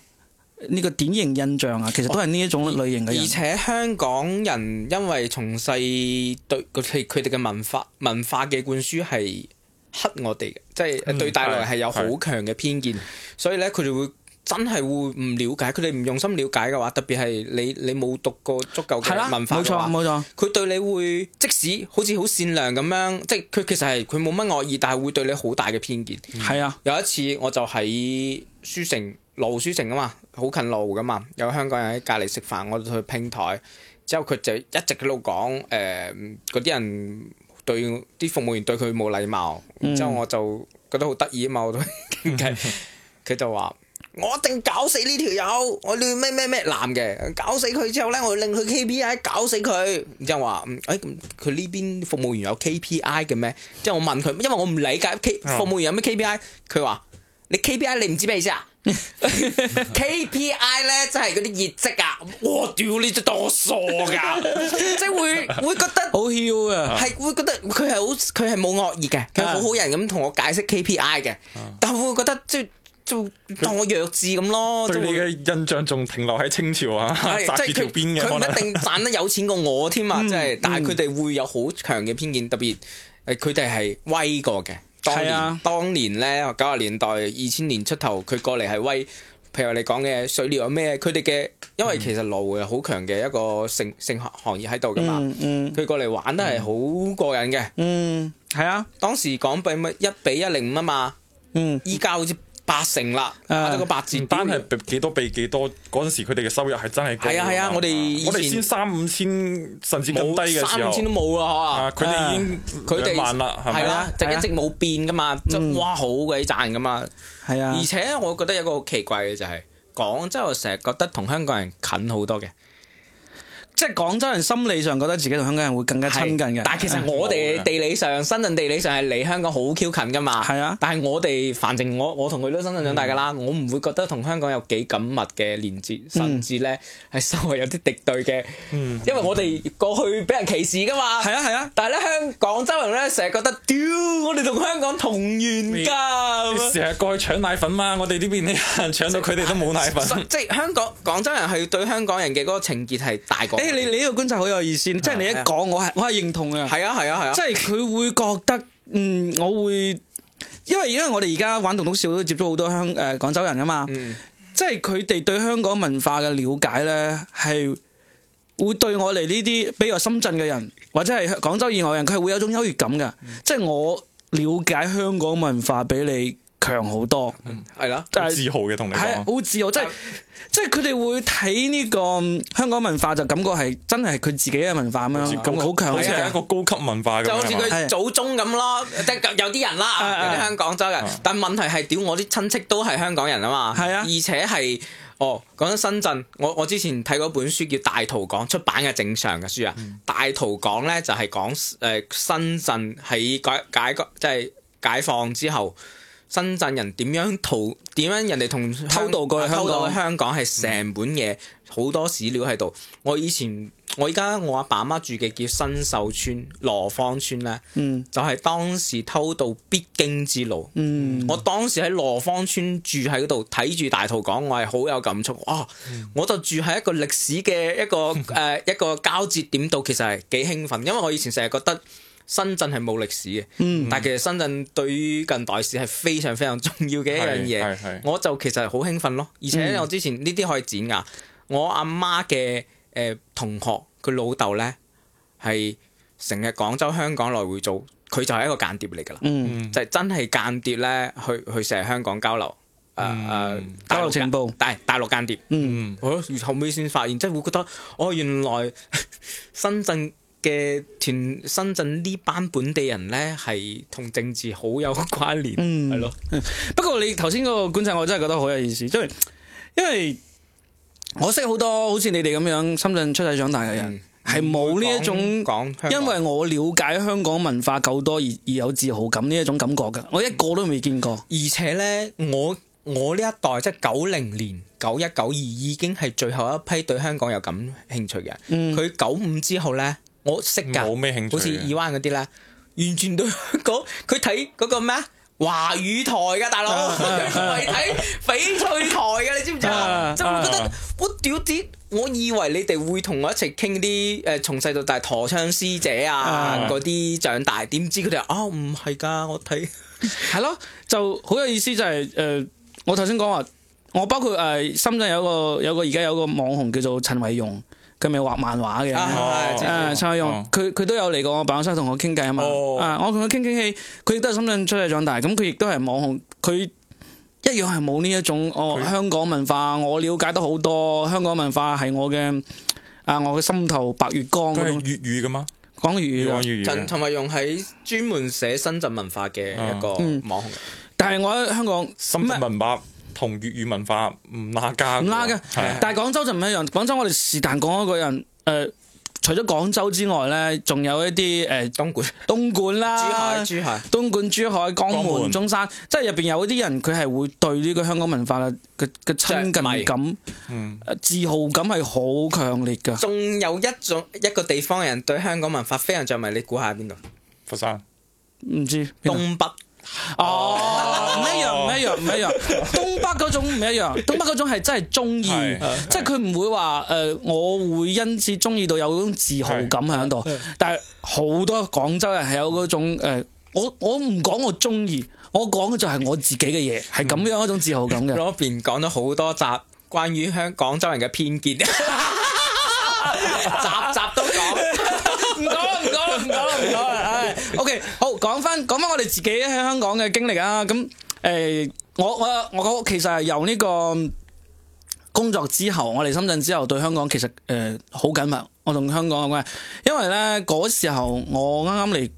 呢個典型印象啊。其實都係呢一種類型嘅、哦。而
且香港人因為從細對佢哋嘅文化文化嘅灌輸係黑我哋嘅，即係、嗯、對大陸係有好強嘅偏見，所以咧佢哋會。真係會唔了解，佢哋唔用心了解嘅話，特別係你你冇讀過足夠嘅文化嘅話，冇錯冇錯，佢對你會即使好似好善良咁樣，即係佢其實係佢冇乜惡意，但係會對你好大嘅偏見。係啊、嗯，有一次我就喺書城羅湖書城啊嘛，好近羅湖噶嘛，有香港人喺隔籬食飯，我同佢拼台，之後佢就一直喺度講，誒嗰啲人對啲服務員對佢冇禮貌，嗯、之後我就覺得好得意啊嘛，我都傾偈。佢 就話。我一定搞死呢條友，我亂咩咩咩男嘅，搞死佢之後咧，我令佢 KPI，搞死佢。然之後話，誒咁佢呢邊服務員有 KPI 嘅咩？即係我問佢，因為我唔理解 K 服務員有咩 KPI。佢話你 KPI 你唔知咩意思啊？KPI 咧即係嗰啲業績啊。我屌你只多傻噶， 即係會會覺得好笑啊。係會覺得佢係好佢係冇惡意嘅，佢好好人咁同我解釋 KPI 嘅， 但係會覺得即係。當我弱智咁咯，對你嘅
印象仲停留喺清朝啊，紮住條邊嘅。佢
唔一定賺得有錢過我添啊，即係。但係佢哋會有好強嘅偏見，特別誒，佢哋係威過嘅。係啊，當年咧九十年代二千年出頭，佢過嚟係威。譬如你講嘅水療有咩，佢哋嘅因為其實羅湖有好強嘅一個性性行業喺度噶嘛。嗯，佢過嚟玩都係好過癮嘅。嗯，係啊，當時港幣咪一比一零五啊嘛。嗯，依家好似。八成啦，
打咗個八折，單係幾多畀幾多？嗰陣時佢哋嘅收入係真係高啊！我哋我哋先三五千，甚至冇低嘅，三五千都冇啊！嚇，佢哋已經佢哋萬啦，係啦，就一直冇
變噶嘛，就哇好鬼賺噶嘛，係啊！而且我覺得有個好奇怪嘅就係，廣州我成日覺得同香港人近好多嘅。
即係廣州人心理
上覺得自己同香港人會更加親近嘅，但係其實我哋地理上，嗯、深圳地理上係離香港好 close 近噶嘛。係啊，但係我哋，反正我我同佢都深圳長大㗎啦，嗯、我唔會覺得同香港有幾緊密嘅連結，甚至咧係稍為有啲敵對嘅。嗯、因為我哋過去俾人歧視㗎嘛。係啊係啊，啊啊但係咧香廣州人咧成日覺得，屌、呃、我哋同香港同源㗎，成日
過去搶奶粉嘛，我哋呢
邊啲人搶到佢哋都冇奶粉。即係香港廣州人係對香港人嘅嗰個情結係大過。你你
呢個觀察好有意思，啊、即係你一講，啊、我係我係認同嘅。係啊係啊係啊，啊啊即係佢會覺得嗯，我會因為因為我哋而家玩棟篤笑都接觸好多香誒、呃、廣州人啊嘛，嗯、即係佢哋對香港文化嘅了解咧，係會對我哋呢啲比如深圳嘅人或者係廣州以外人，佢係會有一種優越感嘅。嗯、即係我了解香港文化俾你。強好多，係啦，真係自豪嘅同你講，好自豪，即係即係佢哋會睇呢個香港文化，就感覺係真係，佢自己嘅文化咁樣，好強，好似係一
個高級文化咁，就好似佢祖
宗咁咯。即係有啲人啦，有啲香港州人，但係問題係，屌我啲親戚都係香港人啊嘛，係啊，而且係哦，講到深圳，我我之前睇嗰本書叫《大圖港》出版嘅正常嘅書啊，《大圖港》咧就係講誒、深圳喺解解即係解放之後。深圳人點樣逃？點樣人哋同偷渡過去香港？啊、偷渡香港係成本嘢，好、嗯、多史料喺度。我以前，我而家我阿爸媽住嘅叫新秀村、羅芳村咧，嗯、就係當時偷渡必經之路。嗯、我當時喺羅芳村住喺度，睇住大圖講，我係好有感觸。哇、啊！我就住喺一個歷史嘅一個誒、嗯呃、一個交接點度，其實係幾興奮，因為我以前成日覺得。深圳係冇歷史嘅，嗯、但係其實深圳對於近代史係非常非常重要嘅一樣嘢。我就其實好興奮咯，而且我之前呢啲可以剪㗎。嗯、我阿媽嘅誒、呃、同學，佢老豆呢，係成日廣州香港來回做，佢就係一個間諜嚟㗎啦。嗯、就真係間諜呢。去去成日香港交流，誒誒交流情報，但係大陸間諜。嗯，嗯然後尾先發現，即係會覺得哦，原來深圳。深圳嘅團深圳呢班本地人咧，係同政治好有關聯，係咯、嗯。的 不過你頭先嗰個觀察，我真係覺
得好有意思，因為因為我識好多好似你哋咁樣深圳出世長大嘅人，係冇呢一種講，因為我了解香港文化夠多而
而有自豪感呢一種感覺嘅，我一個都未見過。嗯、而且咧，我我呢一代即係九零年、九一、九二已經係最後一批對香港有感興趣嘅。佢九五之後咧。我識噶，冇咩興趣，好似耳灣嗰啲咧，完全都佢睇嗰個咩啊華語台噶大佬，係睇翡翠台噶，你知唔知啊？就覺得我屌啲，我以為你哋會同我一齊傾啲誒從細到大陀槍師姐啊嗰啲長大，點知佢哋啊？哦，唔係噶，我睇係咯，就好有意思就係誒，我頭先講
話，我包括誒深圳有個有個而家有個網紅叫做陳偉勇。佢咪畫漫畫嘅，啊，蔡勇，佢佢、啊啊、都有嚟過我辦公室同我傾偈啊嘛，哦、啊我同佢傾傾氣，佢亦都係深圳出世長大，咁佢亦都係網紅，佢一樣係冇呢一種我、哦、佢香港文化，我瞭解得好多香港文化係我嘅啊，我嘅心頭白月光。佢用粵語嘅嘛，
講粵語，同
埋用喺專門
寫深圳文化嘅一個網紅、嗯嗯。但係我喺香港，深圳文化。同粵語文化唔拉架，唔拉嘅。是但
係廣州就唔一樣，廣州我哋是但講一個人。誒、呃，除咗廣州之外咧，仲有一啲誒、呃、東莞古、東莞啦，珠海、珠海、東莞珠海、東莞、珠海、江門、江門中山，即係入邊有啲人，佢係會對呢個香港文化嘅嘅親近感、誒、嗯嗯、自豪感係好強烈嘅。
仲有一種一個地方人對香港文化非常著迷，你，你估下邊度？佛山？
唔知東北。
哦，唔、oh, 一樣，唔一樣，唔一， 一樣。
東北嗰種唔一樣，東北嗰種係真係鍾意，即係佢唔會話誒，我會因此鍾意到有嗰種自豪感喺度。 但係好多廣州人係有嗰種誒，我
我唔講我鍾意，我講嘅就係我自己嘅嘢，係咁、嗯、樣一種自豪感嘅。洛賓講咗好多集關於香廣州人嘅偏見。
講翻講翻我哋自己喺香港嘅經歷啊，咁誒、欸，我我我其實係由呢個工作之後，我嚟深圳之後對香港其實誒好緊密。我同香港嘅關係，因為咧嗰時候我啱啱嚟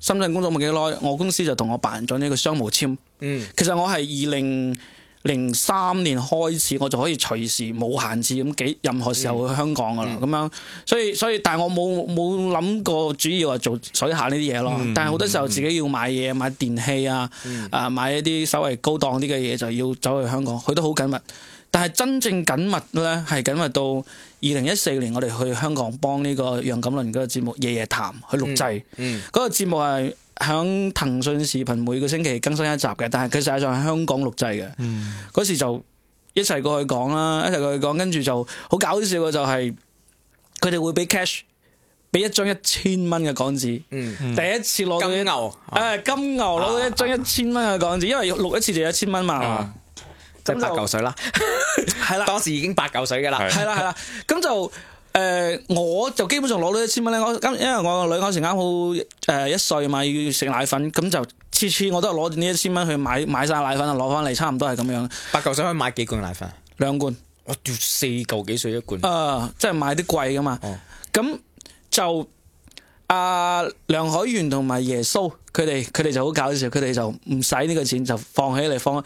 深圳工作冇幾耐，我公司就同我辦咗呢個商務簽。嗯，其實我係二零。零三年開始，我就可以隨時冇限次咁幾任何時候去香港噶啦，咁、嗯、樣，所以所以，但係我冇冇諗過，主要係做水客呢啲嘢咯。嗯、但係好多時候自己要買嘢、買電器啊，嗯、啊買一啲稍為高檔啲嘅嘢，就要走去香港，佢都好緊密。但係真正緊密咧，係緊密到二零一四年，我哋去香港幫呢個楊錦麟嗰個節目《夜夜談》去錄製，嗰、嗯嗯、個節目係。響騰訊視頻每個星期更新一集嘅，但係佢實際上喺香港錄製嘅。嗯，嗰時就一齊過去講啦，一齊過去講，跟住就好搞笑嘅就係、是，佢哋會俾 cash，俾一張一千蚊嘅港紙。嗯，嗯第一次攞金牛，誒、嗯、金牛攞一張一千蚊嘅港紙，因為要錄一次就一千蚊嘛，嗯、即係八嚿水啦。
係啦，當時已經八嚿水噶啦。係
啦係啦，咁就。誒、呃，我就基本上攞到一千蚊咧。我今因為我個女嗰時啱好誒一歲嘛，要食奶粉，咁就次次我都係攞呢一千蚊去買買晒奶粉啊，攞翻嚟差唔多係咁樣。八嚿水可以買幾罐奶粉？兩罐。我屌、哦，四嚿幾水一罐。誒、呃，即係買啲貴噶嘛。哦。咁就阿、呃、梁海源同埋耶穌。佢哋佢哋就好搞笑，佢哋就唔使呢個錢就放起嚟放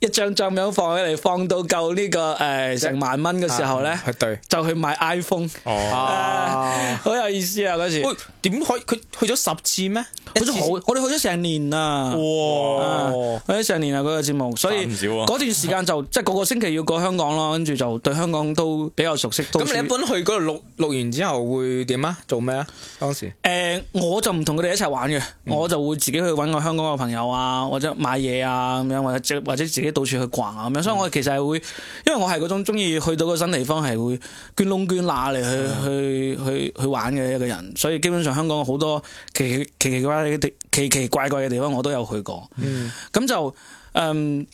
一張張咁樣放起嚟，放到夠、這、呢個誒、呃、成萬蚊嘅時候咧，嗯、對就去買 iPhone
哦，好、呃、有意思啊嗰時。點可以佢去咗十次咩？好次
我哋去咗成年啦、啊，哇！嗯、去咗成年啊嗰個節目，所以嗰段時間就、啊、即係個個星期要過香港咯，跟住就對香港都比較熟悉。咁 你一般去
嗰度錄錄完之後會點啊？做咩啊？當
時誒、呃，我就唔同佢哋一齊玩嘅，我、嗯。就會自己去搵個香港嘅朋友啊，或者買嘢啊咁樣，或者或者自己到處去逛啊咁樣。所以我其實係會，因為我係嗰種中意去到個新地方係會捐窿捐罅嚟，去去去去，去玩嘅一個人。所以基本上香港好多奇奇奇怪奇奇怪怪嘅地方我都有去過。咁、嗯、就嗯，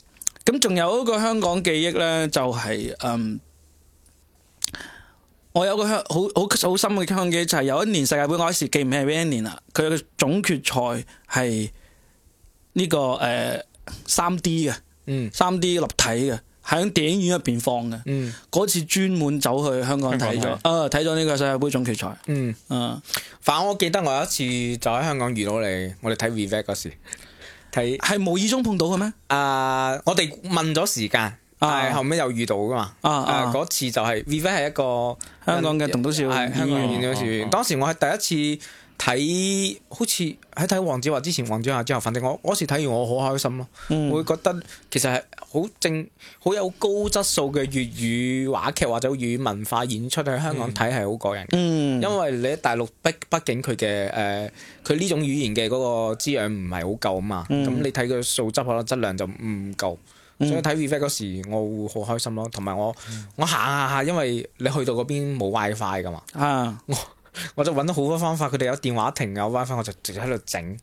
咁仲有一個香港記憶咧，就係、是、嗯。我有個香好好好深嘅香港，機，就係、是、有一年世界盃嗰時，記唔起邊一年啦。佢嘅總決賽係呢、這個誒三、呃、D 嘅，三 D 立體嘅，喺電影院入邊放嘅。嗰、嗯、次專門走去香港睇咗，啊，睇咗
呢個世界盃總決賽。嗯啊，嗯反我記得我有一次就喺香港遇到你，我哋睇 r e b a c 嗰時，睇係無意中碰到嘅咩？啊、呃，我哋問咗時間。係後尾又遇到噶嘛？啊！嗰、呃啊、次就係、是《啊、v i v e 係一個香港嘅棟篤笑，係香港嘅棟篤笑。啊、當時我係第一次睇，好似喺睇黃子華之前，黃子華之後，反正我嗰時睇完我好開心咯、啊。會、嗯、覺得其實係好正、好有高質素嘅粵語話劇或者粵語文化演出喺香港睇係好過癮。嗯、因為你喺大陸畢竟佢嘅誒，佢、呃、呢種語言嘅嗰個滋養唔係好夠啊嘛。咁、嗯嗯、你睇佢素質可能，質量就唔夠。所以睇 reveal 嗰時，我會好開心咯。同埋我、嗯、我行下下，因為你去到嗰邊冇 WiFi 噶嘛。啊，我我就搵到好多方法，佢哋有電話亭有 WiFi，我就直接喺度整。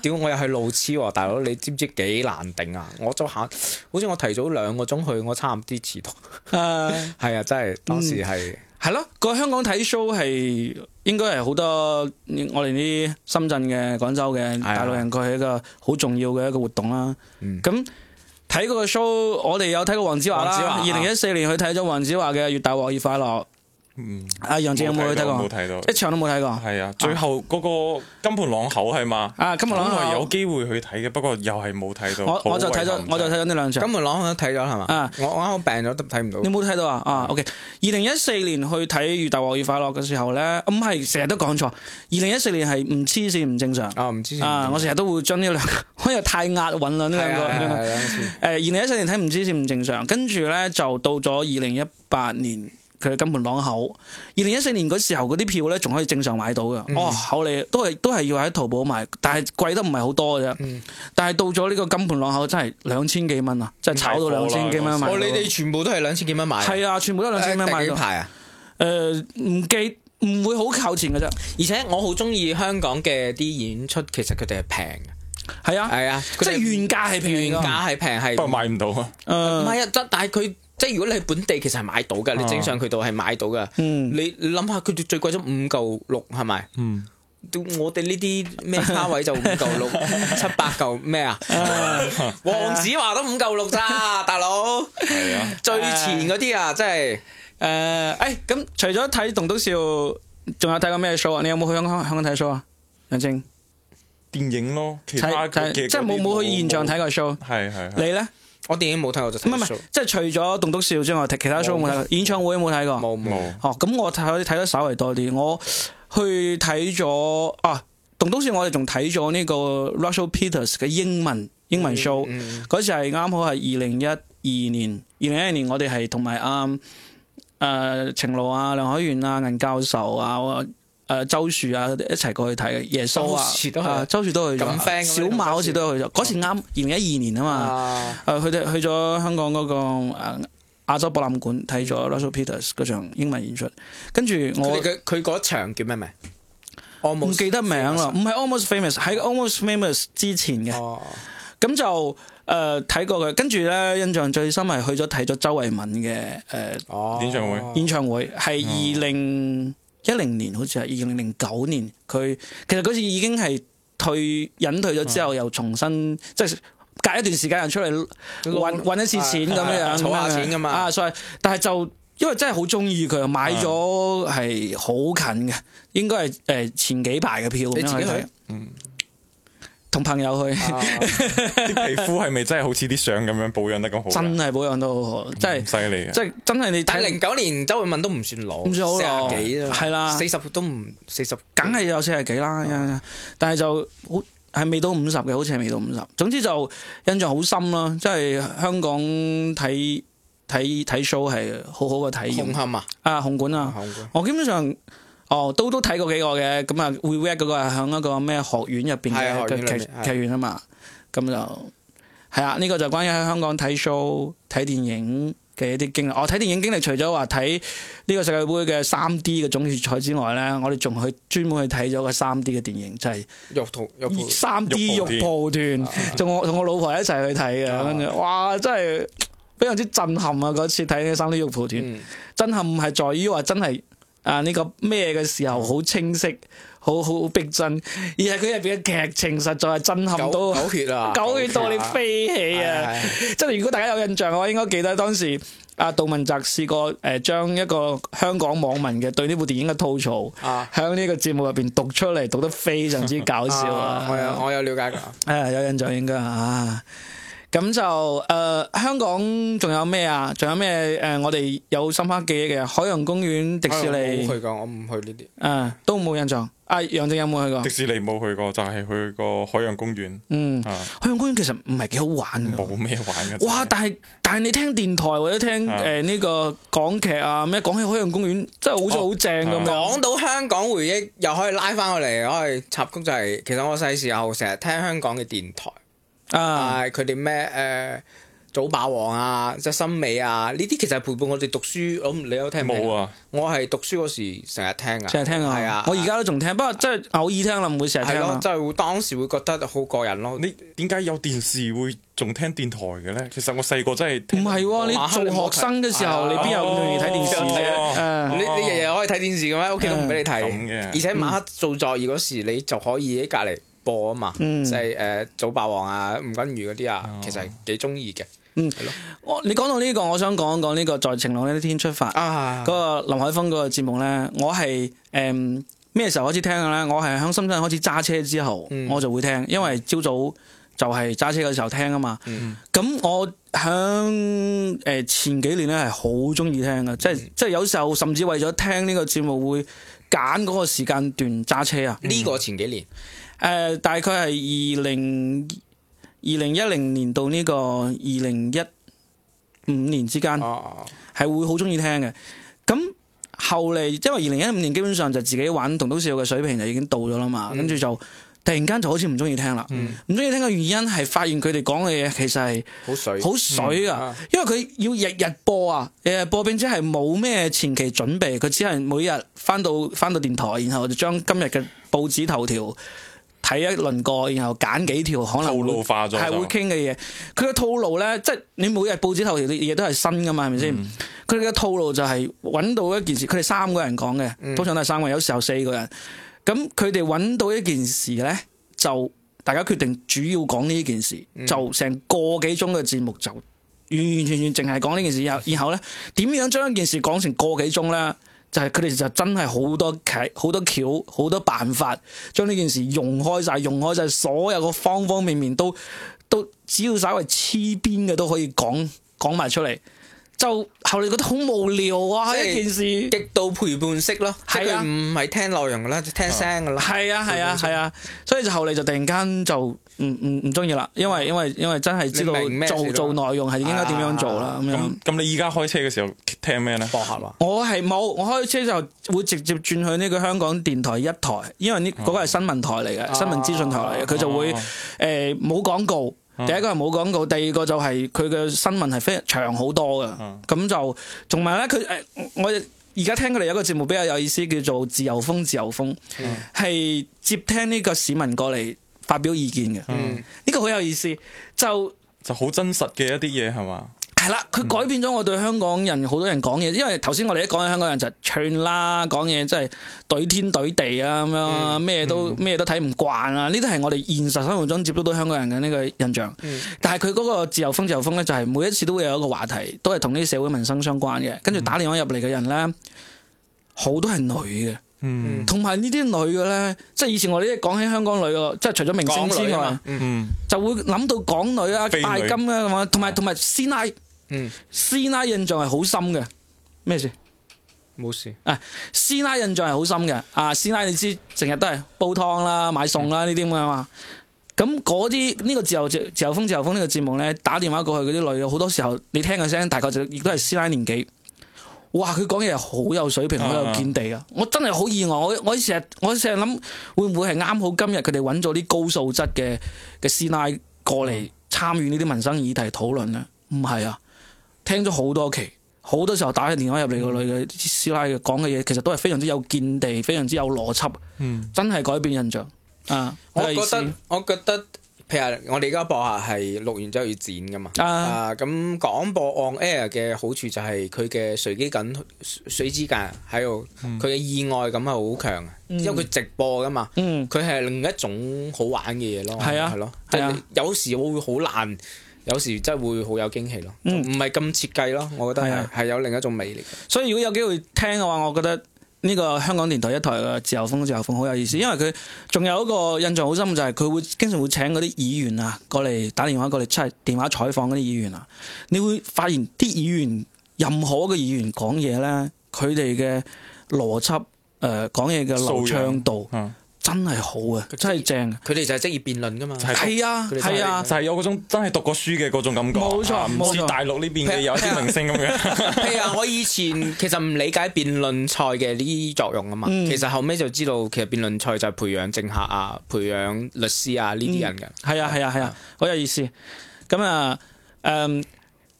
屌 我又係路痴喎，大佬你知唔知幾難頂啊？我就行，好似我提早兩個鐘去，我差唔多遲到。誒、啊，係 啊，真係當時係。係咯、嗯， 那個香
港睇 show 係應該係好多我哋啲深圳嘅、廣州嘅大陸人，佢係一個好重要嘅一個活動啦。咁、嗯。嗯睇過個 show，我
哋有睇過黃子華啦。二零一
四年佢睇咗黃子華嘅《越大鑊越快樂》。嗯，阿楊正有冇去睇過，冇睇到，一場都冇睇過。係啊，最後
嗰個金盆朗口係嘛？啊，金盆朗口係有機會去睇嘅，不過又係冇睇到。我我就睇咗，我就睇咗呢兩場。金
盆朗口都睇咗係嘛？啊，我啱啱病咗，都睇唔到。你冇睇到
啊？啊，OK。二零一四年去睇《越大王
越快樂》嘅時候咧，我唔係成日都講錯。二零一四年係唔黐線唔正常。啊，唔黐線。啊，我成日都會將呢兩個，我又太壓韻啦呢兩個。係係誒，二零一四年睇唔黐線唔正常，跟住咧就到咗二零一八年。佢金盆朗口，二零一四年嗰時候嗰啲票咧仲可以正常買到嘅，嗯、哦，好你都係都係要喺淘寶買，但係貴得唔係好多嘅啫。嗯、但係到咗呢個金盆朗口真係兩千幾蚊啊！即係炒到兩千幾蚊買,買、哦。你哋全
部都係兩千幾蚊買。係啊，全部都兩千幾蚊買。幾排啊？誒、啊，唔、呃、記，唔會好靠前嘅啫。而且我好中意香港嘅啲演出，其實佢哋係平嘅。係啊，係啊，他們 即係原價係平，原價係平，係不過買唔到啊。唔係啊，但係佢。即係如果你喺本地，其實係買到嘅，你正常渠道係買到嘅。你你諗下，佢最貴咗五嚿六，係咪？我哋呢啲咩卡位就五嚿六、七八嚿咩啊？黃子華都五嚿六咋，大佬。最前嗰啲啊，即係誒，誒咁除咗睇《棟篤
笑》，仲有睇過咩 show 啊？你有冇去香港香港睇 show 啊？楊正，電影咯，其他即
係冇冇去現場睇過 show。係係，你咧？我電影冇睇過，我就睇。唔係唔係，
即係除咗《棟篤笑》之外，其他 show 冇睇有過。演唱會有冇睇過？冇冇有。哦，咁我睇睇得稍微多啲。我去睇咗啊，《棟篤笑》我哋仲睇咗呢個 Russell Peters 嘅英文英文 show、嗯。嗰、嗯、時係啱好係二零一二年，二零一二年我哋係同埋阿誒程璐啊、梁海源啊、銀教授啊。誒周樹啊，一齊過去睇嘅。耶穌啊，周樹都去咗，小馬好似都去咗。嗰時啱二零一二年啊嘛，誒佢哋去咗香港嗰個誒亞洲博覽館睇咗 Russell Peters 嗰場英文演出，跟住我佢佢嗰場叫咩名？我冇記得名咯，唔係 Almost Famous 喺 Almost Famous 之前嘅，咁就誒睇過嘅。跟住咧印象最深係去咗睇咗周慧敏嘅誒演唱會，演唱會係二零一零年好似係二零零九年，佢其實嗰次已經係退隱退咗之後，又重新、嗯、即係隔一段時間又出嚟揾揾一次錢咁樣、啊、樣，儲、啊、下錢噶嘛。啊，所以但係就因為真係好中意佢，又買咗係好近嘅，嗯、應該係誒前幾排嘅票咁樣樣。
嗯。同朋友去，
啲 皮膚係咪真係好似啲相咁樣保養得咁好， 好？真
係保養得好好，真
係，咁犀利嘅，即係
真係你睇零九年周慧敏都唔算老，四啊幾啦，係啦，四十
都唔四十，梗係有四十幾啦，但係就好係未到五十嘅，好似係未到五十。總之就印象好深啦，即係香港睇睇睇 show 係好好嘅體驗。紅磡啊，啊紅館啊，我基本上。哦，都都睇過幾個嘅，咁啊，會 rec 嗰個響一個咩學院入邊嘅劇院啊嘛，咁就係啊，呢個就關於喺香港睇 show 睇電影嘅一啲經歷。我睇電影經歷除咗話睇呢個世界杯嘅三 D 嘅總決賽之外咧，我哋仲去專門去睇咗個三 D 嘅電影，就
係肉蒲。三 D 肉蒲
團，同我同我老婆一齊去睇嘅，哇，真係非常之震撼啊！嗰次睇三 D 肉蒲團，震撼係在於話真係。啊！呢、這個咩嘅時候好清晰，好好逼真，而係佢入邊嘅劇情實在係震撼到，狗血啊！狗血到你飛起啊！即係，如果大家有印象嘅話，應該記得當時阿杜汶澤試過誒、呃，將一個香港網民嘅對呢部電影嘅吐槽，啊，喺呢個節目入邊讀出嚟，讀得非常之搞笑啊！我有、 啊、我有了解噶，誒、 啊，有印象應該啊。咁就誒、呃，香港仲有咩啊？仲有咩誒、呃？我哋有深刻記憶嘅海洋公園、迪士尼。冇、哎、去過，我唔去呢啲、嗯。啊，都冇印象。
阿楊正有冇去過？迪士尼冇去過，就係、是、去過海洋公園。
嗯。嗯，海洋公園其實唔係幾好玩。冇咩玩嘅。哇！但
係但係你
聽電台或者聽誒呢、嗯呃呢個港劇啊，咩講起海洋公園真係好似好正咁樣。哦嗯、講
到香港回憶，又可以拉翻我嚟，可以插曲就係、是、其實我細時候成日聽香港嘅電台。啊！佢哋咩？誒，早霸王啊，即係森美啊，呢啲其實陪伴我哋讀書。咁你有聽冇啊？我係讀書嗰時成日聽啊，成日聽啊，係啊！我
而家都仲聽，不過真係偶爾聽啦，唔會成日聽咯。即係會當時會覺得好過癮咯。你點解有電視會仲聽電台嘅咧？其實我細個真係唔係，你做學生嘅時候，你邊有咁容易睇電視嘅？你你日日可以睇電視
嘅咩？屋企都唔俾你睇，而且晚黑做作業嗰時，你就可以喺隔離。播啊嘛，嗯、即係誒，早、呃、霸王啊，吳君如嗰啲啊，其實係幾中意嘅。嗯，係咯。
我你講到呢、這個，我想講一講呢、這個在晴朗的天出發嗰、啊、個林海峰嗰個節目咧。我係誒咩時候開始聽嘅咧？我係響深圳開始揸車之後，嗯、我就會聽，因為朝早就係揸車嘅時候聽啊嘛。咁、嗯、我響誒前幾年咧係好中意聽嘅，即係即係有時候甚至為咗聽呢個節目會揀嗰個時間段揸車啊。呢個前幾年。誒，uh, 大概係二零二零一零年到呢個二零一五年之間、oh.，係會好中意聽嘅。咁後嚟，因為二零一五年基本上就自己玩同都笑嘅水平就已經到咗啦嘛，跟住、mm. 就突然間就好似唔中意聽啦。唔中意聽嘅原因係發現佢哋講嘅嘢其實係好水，好水噶。Mm. 因為佢要日日播啊，日日播並且係冇咩前期準備，佢只係每日翻到翻到電台，然後就將今日嘅報紙頭條。睇一輪過，然後揀幾條可能係會傾嘅嘢。佢嘅套路咧，即係、就是、你每日報紙頭條嘅嘢都係新㗎嘛，係咪先？佢嘅套路就係揾到一件事，佢哋三個人講嘅，嗯、通常都係三位，有時候四個人。咁佢哋揾到一件事咧，就大家決定主要講呢件事，嗯、就成個幾鐘嘅節目就完完全全淨係講呢件事。然後呢，然後咧點樣將一件事講成個幾鐘咧？就係佢哋就真係好多橋，好多橋，好多辦法，將呢件事融開晒。融開晒所有個方方面面都，都只要稍微黐邊嘅都可以講講埋出嚟。就後嚟覺得好無聊啊！一是件事極度陪伴式咯，是啊即啊，唔係聽內容噶是、啊、啦，聽聲噶啦。係伴啊，係啊，係啊！所以就後嚟就突然間就唔唔唔中意啦，因
為因為因為真係知道做做，做內容係應該點樣做啦咁、啊、樣。咁、啊啊、你依家開車嘅時候聽咩咧？播客啊？
我係冇，我開車就會直接轉去呢個香港電台一台，因為呢個係新聞台嚟嘅，新聞資訊台嚟嘅，佢就會誒冇廣告。呃呃第一個係冇廣告，第二個就係佢嘅新聞係非常長好多嘅，咁、嗯、就同埋咧，佢誒我而家聽佢哋有個節目比較有意思，叫做自《自由風》嗯，自由風係接聽呢個市民過嚟發表意
見嘅，呢、嗯、個好有意思，就就好真實嘅一啲嘢係嘛？
係啦，佢改變咗我對香港人好多人講嘢，因為頭先我哋一講起香港人就串啦，講嘢真係對天對地啊咁樣，咩、嗯、都咩、嗯、都睇唔慣啊！呢啲係我哋現實生活中接觸到香港人嘅呢個印象。嗯、但係佢嗰個自由風自由風咧，就係每一次都會有一個話題，都係同呢啲社會民生相關嘅。跟住、嗯、打電話入嚟嘅人咧，好多係女嘅，同埋呢啲女嘅咧，即係以前我哋一講起香港女嘅，即係除咗明星之外，嗯嗯、就會諗到港女啊、拜金啊，同埋同埋師奶。有 嗯，師奶印象係好深嘅。咩事？
冇事，
哎。啊，師奶印象係好深嘅。啊，師奶你知，成日都係煲湯啦、買餸啦呢啲咁啊嘛。咁嗰啲呢個自由自自由風自由風呢個節目咧，打電話過去嗰啲女嘅，好多時候你聽個聲，大概就亦都係師奶年紀。哇，佢講嘢係好有水平，好、uh huh. 有見地啊！我真係好意外，我我成日我成日諗，會唔會係啱好今日佢哋揾咗啲高素質嘅嘅師奶過嚟參與呢啲民生議題討論咧？唔係啊。聽咗好多期，好多時候打緊電話入嚟個女嘅師奶嘅講嘅嘢，其實都係非常之有見地，非常之有邏輯，嗯、真係改變印象、呃我。我覺得
我覺得，譬如我哋而家播客係錄完之後要剪噶嘛。啊咁，廣播 on air 嘅好處就係佢嘅隨機感、水之感喺度，佢嘅意外感係好強，因為佢直播噶嘛。佢係另一種好玩嘅嘢咯，係啊，係咯，係啊，有時會好難。有時真係會好有驚喜咯，唔唔係咁設計咯，我覺得係、啊、有另一種魅力。
所以如果有機會聽嘅話，我覺得呢個香港電台一台嘅自由風自由風，好有意思，因為佢仲有一個印象好深就係佢會經常會請嗰啲議員啊過嚟打電話過嚟出嚟電話採訪嗰啲議員啊，你會發現啲議員任何嘅議員講嘢呢，佢哋嘅邏輯誒講嘢嘅流暢
度。
真係好啊！佢真係正，
佢哋就係職業辯論噶嘛。係啊，係啊，就係有嗰種真係讀過書嘅嗰種感覺。冇錯錯，唔似、啊、大陸呢邊嘅有啲明星咁樣。
係錯 啊，我以前其實唔理解辯論賽嘅呢啲作用啊嘛。嗯、其實後尾就知道，其實辯論賽就係培養政客啊，培養律師啊呢啲人嘅。
係、嗯、啊，係啊，係啊，好、啊啊、有意思。咁啊，誒、嗯，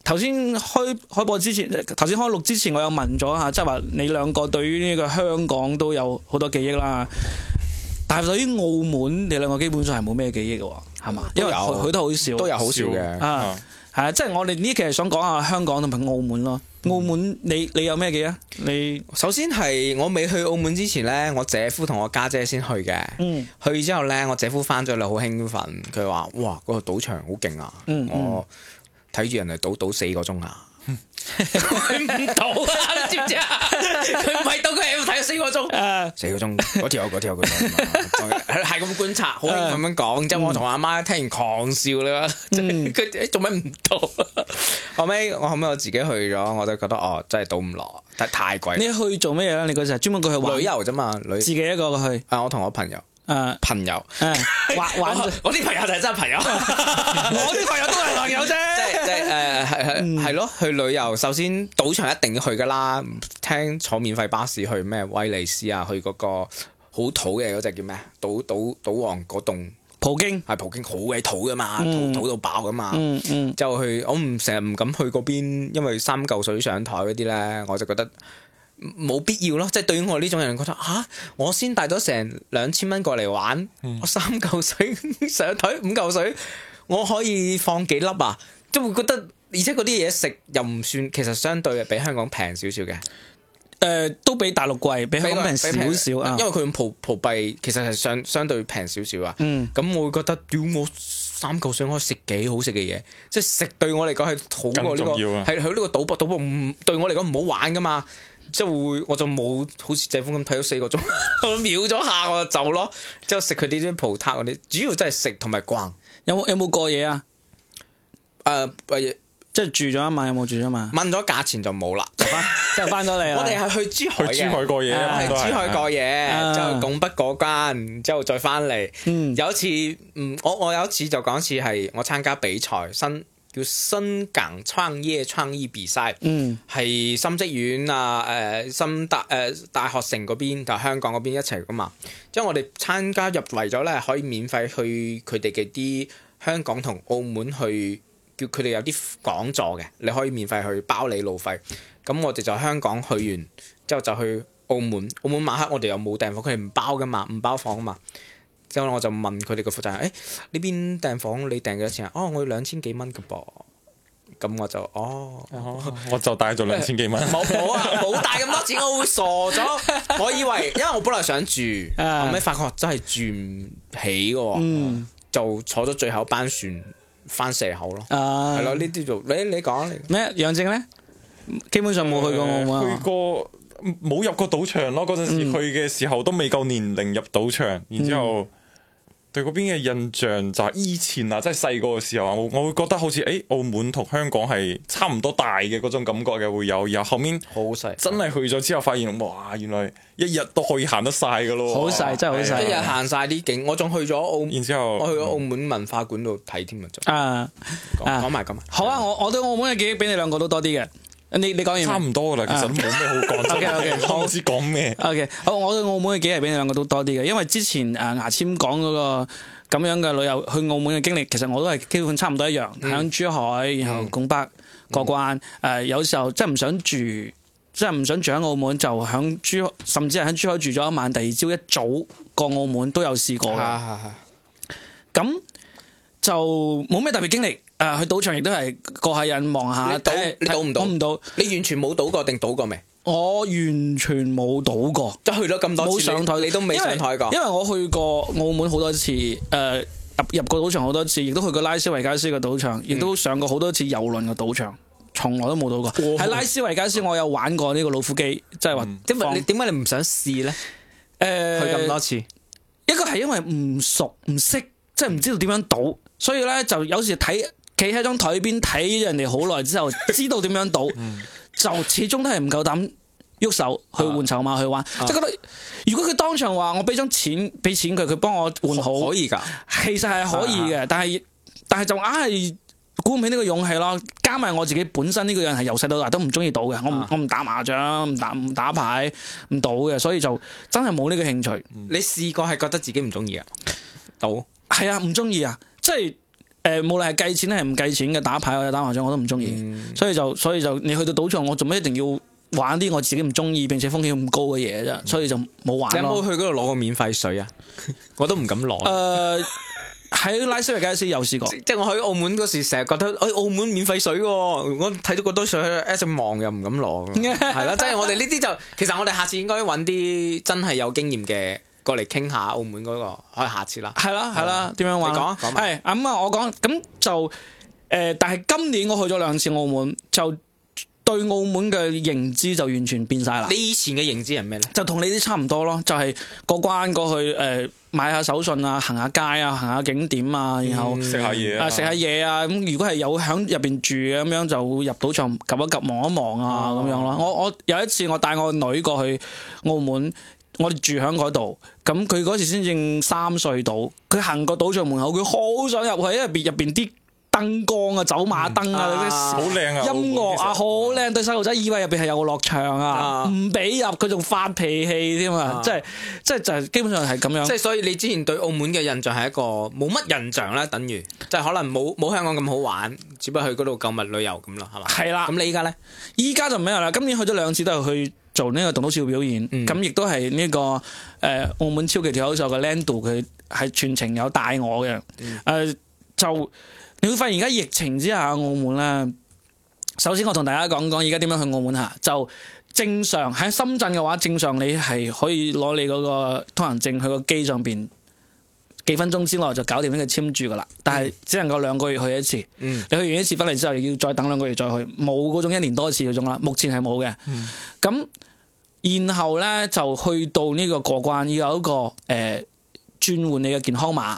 頭先開開播之前，頭先開錄之前，我有問咗下，即係話你兩個對於呢個香港都有好多記憶啦。但係對於澳門，你兩個基本上係冇咩記憶嘅，係嘛？有因為佢都好少，都有好少嘅。係啊、嗯，即係、就是、我哋呢期係想講下香港同埋澳門咯。澳門
你、嗯你，你你有咩記憶啊？你首先係我未去澳門之前咧，我姐夫同我家姐先去嘅。嗯，去之後咧，我姐夫翻咗嚟好興奮，佢話：哇，嗰、那個賭場好勁啊！我睇住人哋賭賭四個鐘啊！佢唔到啊， 知唔知啊？佢唔係到，佢係要睇四個鐘，uh, 四個鐘嗰條嗰條嗰條係咁觀察，好容易咁樣講。Uh, 即係我同阿媽聽完狂笑啦，佢做咩唔到啊？後尾、 嗯、 我後尾我自己去咗，我就覺得哦，真係倒唔落，但係太貴。你去做咩咧？你嗰陣專門過去旅遊啫嘛，自己一個去。係、啊、我同我朋友。啊朋友
啊啊，玩玩 我啲朋友就係真係朋友 我啲朋友都係朋友啫、 就
是。即係即係誒係係係咯，呃嗯、去旅遊首先賭場一定要去噶啦，聽坐免費巴士去咩威尼斯啊，去嗰個好土嘅嗰隻叫咩？賭賭賭王嗰棟葡京係葡京好鬼土噶嘛，嗯、土土到爆噶嘛，嗯嗯、就去我唔成日唔敢去嗰邊，因為三嚿水上台嗰啲咧，我就覺得。冇必要咯，即係對於我呢種人覺得吓、啊，我先帶咗成兩千蚊過嚟玩，嗯、我三嚿水上台 五嚿水，我可以放幾粒啊？即係會覺得，而且嗰啲嘢食又唔算，其實相對比香港平少少嘅。誒、呃，都比大陸貴，比香港平少少啊。宜因為佢用葡葡幣，其實係相相對平少少啊。咁、嗯、我會覺得，屌我三嚿水可以食幾好食嘅嘢，即係食對我嚟講係好重要啊。係佢呢個賭博，賭博唔對我嚟講唔好玩噶嘛。即係會，我就冇好似謝峰咁睇咗四個鐘，我 秒咗下我就走咯。之後食佢啲啲葡撻嗰啲，主要真係食同埋逛。有有冇過夜啊？誒、呃，即係住咗一晚，有冇住一嘛？問咗價錢就冇啦，之即係翻咗嚟。 我哋係去珠海去珠海過夜、啊，珠海過夜，之後、啊、拱北嗰間，之後再翻嚟、嗯。有一次，嗯，我我有一次就講次係我參加比賽新。叫新港創業創意比賽，係、嗯、深職院啊、誒、呃、深大誒、呃、大學城嗰邊同香港嗰邊一齊噶嘛。即係我哋參加入嚟咗咧，可以免費去佢哋嘅啲香港同澳門去，叫佢哋有啲講座嘅，你可以免費去包你路費。咁我哋就香港去完之後就去澳門，澳門晚黑我哋又冇訂房，佢哋唔包噶嘛，唔包房啊嘛。之後我就問佢哋個負責人，誒呢邊訂房你訂幾多錢啊？哦，我要兩千幾蚊嘅噃。咁我就，哦，我就帶咗兩千幾蚊。冇冇啊！冇帶咁多錢，我會傻咗。我以為，因為我本來想住，後尾發覺真係住唔起嘅。就坐咗最後一班船翻蛇口咯。係咯，呢啲就，你你講，
咩？楊正咧，基本上冇去過，去過冇入過賭場咯。嗰陣時去嘅時候都未夠年齡入賭場，然之後。對嗰邊嘅印象就係以前啊，即係細個嘅時候啊，我會覺得好似誒、欸，澳門同香港係差唔多大嘅嗰種感覺嘅會有，然后後面好細，真係去咗之後發現，哇，原來一日都可以行得晒噶咯，好細，真係好細，哎、呀一日行晒啲景，我仲去咗澳，然之後我去咗澳門
文化館度睇添啊，講埋咁，好啊，我我對澳門嘅記憶比你兩個都多啲嘅。你你講完差唔多噶啦，其實冇咩好講。O K O K，我唔知講咩。O K，好，我
去澳門嘅幾日比你兩個都多啲嘅，因為之前誒牙簽講嗰個咁樣嘅旅遊去澳門嘅經歷，其實我都係基本差唔多一樣，響珠海然後拱北過關。誒、嗯嗯呃，有時候即係唔想住，即係唔想住喺澳門，就響珠海，甚至係喺珠海住咗一晚，第二朝一早過澳門都有試過。係係咁就冇咩特別經歷。誒，去賭場亦都係過下癮，望下，賭，你賭唔賭？
我唔賭，你完全冇賭過定賭過未？
我完全冇賭過，
即係去咗咁多，冇上台，你都未上台過。因為我去過澳門好多次，誒入入過賭
場好多次，亦都去過拉斯維加斯嘅賭場，亦都上過好多次郵輪嘅賭場，從來都冇賭過。喺拉斯維加斯，我有玩過呢個老虎機，即係話點解你點解你唔想試呢？誒，去咁多次，一個係因為唔熟唔識，即係唔知道點樣賭，所以呢就有時睇，企喺張台邊睇人哋好耐之後，知道點樣賭， 嗯、就始終都係唔夠膽喐手去換籌碼去玩，即係、啊、覺得如果佢當場話我俾張錢俾錢佢，佢幫我換好可，可以噶，其實係可以嘅、啊啊，但係但係就硬係鼓唔起呢個勇氣咯。加埋我自己本身呢個人係由細到大都唔中意賭嘅，我唔我唔打麻將唔打唔打牌唔賭嘅，所以就真係冇呢個興趣。你試過係覺得自己唔中意啊？賭係啊，唔中意啊，即係。 誒、呃，無論係計錢咧，係唔計錢嘅打牌或者打麻將，我都唔中意，所以就所以就你去到賭場，我做咩一定要玩啲我自己唔中意，並且風險咁高嘅嘢啫，所以就冇
玩咯。你有冇去嗰度攞過免費水啊？我都唔敢攞。誒，喺拉斯維加斯有試過，即係我去澳門嗰時，成日覺得澳門免費水喎，我睇到好多水，一直望又唔敢攞。係啦， 即、就、係、是、我哋呢啲就，其實我哋下次應該揾啲真係有經驗嘅。過嚟傾下澳門嗰、那個，可以下次啦。係啦係啦，點樣玩？講啊講。
係啊咁啊，我講咁就誒、呃，但係今年我去咗兩次澳門，就對澳門嘅認知就完全變晒啦。你以前嘅認知係咩咧？就同你啲差唔多咯，就係過關過去誒、呃，買下手信啊，行下街啊，行下景點啊，然後食、嗯、下嘢啊，食下嘢啊。咁、啊、如果係有響入邊住咁樣，就入賭場 𥄫 一 𥄫 望一望啊，咁樣咯。我我有一次我帶我女過去澳門。我哋住喺嗰度，咁佢嗰時先正三歲到，佢行過賭場門口，佢好想入去，因為入入邊啲燈光啊、走馬燈啊嗰啲，好靚、嗯、啊，音樂啊，好
靚、啊啊。對細路仔以為入邊係有個樂場啊，唔俾入佢仲發脾氣添啊，啊即係即係就係基本上係咁樣。即係所以你之前對澳門嘅印象係一個冇乜印象啦，等於即係可能冇冇香港咁好玩，只不過去嗰度購物旅遊咁咯，係嘛？係啦的。咁的你依家咧？
依家就唔一樣啦。今年去咗兩次都係去。做呢個動作小表演，咁亦都係呢個誒、呃、澳門超級脫口秀嘅 Lando 佢係全程有帶我嘅。誒、嗯呃、就你會發現而家疫情之下澳門咧，首先我同大家講講而家點樣去澳門嚇。就正常喺深圳嘅話，正常你係可以攞你嗰個通行證去個機上邊，幾分鐘之內就搞掂呢個簽注噶啦。但係只能夠兩個月去一次，嗯、你去完一次翻嚟之後要再等兩個月再去，冇嗰種一年多次嗰種啦。目前係冇嘅，咁、嗯。嗯。然後咧就去到呢個過關，要有一個誒、呃、轉換你嘅健康碼，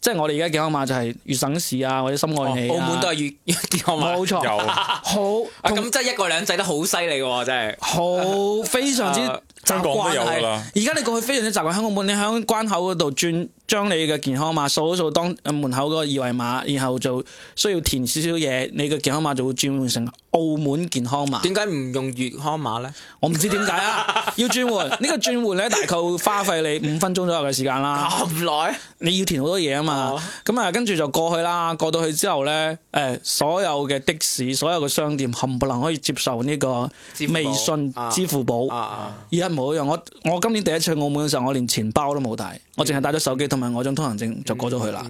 即係我哋而家健康碼就係粵省事啊或者深 i 您，澳門都係
粵健康碼，冇錯錯，有好咁即係一國兩制都、啊、好犀利嘅真係，好非常之、 呃。又係啦，而
家你過去非常之習慣喺澳門，你響關口嗰度轉，將你嘅健康碼掃一掃，當門口嗰個二維碼，然後就需要填少少嘢，你嘅健康碼就會轉換成澳門健康碼。點解唔用粵康碼咧？我唔知點解啊！ 要轉換，呢、這個轉換咧，大概會花費你五分鐘左右嘅時間啦。咁耐？你要填好多嘢啊嘛。咁啊、uh，oh。跟住就過去啦。過到去之後咧，誒，所有嘅的，的士、所有嘅商店，冚唪唥可以接受呢個微信、支付寶，而家、啊。啊啊。冇用，我我今年第一次去澳門嘅時候，我連錢包都冇帶，我淨係帶咗手機同埋我張通行證就過咗去啦。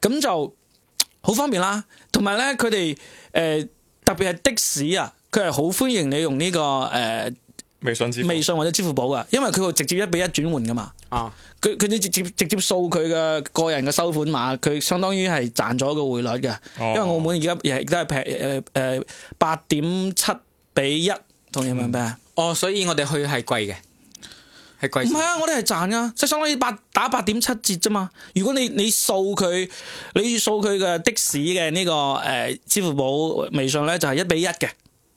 咁、嗯、就好方便啦。同埋咧，佢哋誒，特別係的士啊，佢係好歡迎你用呢、這個誒、呃、微信支微信或者支付寶噶，因為佢會直接一比一轉換噶嘛。啊，佢佢你直接直接掃佢嘅個人嘅收款碼，佢相當於係賺咗個匯率嘅。啊、因為澳門而家亦都係平誒誒八點
七比一同人民咩？啊、嗯。哦，所以我哋去係貴嘅，係貴。唔
係啊，我哋係賺啊。即係相當於八打八點七折咋嘛。如果你你掃佢，你掃佢嘅的士嘅呢個誒支付寶、微信咧，就係一比一嘅，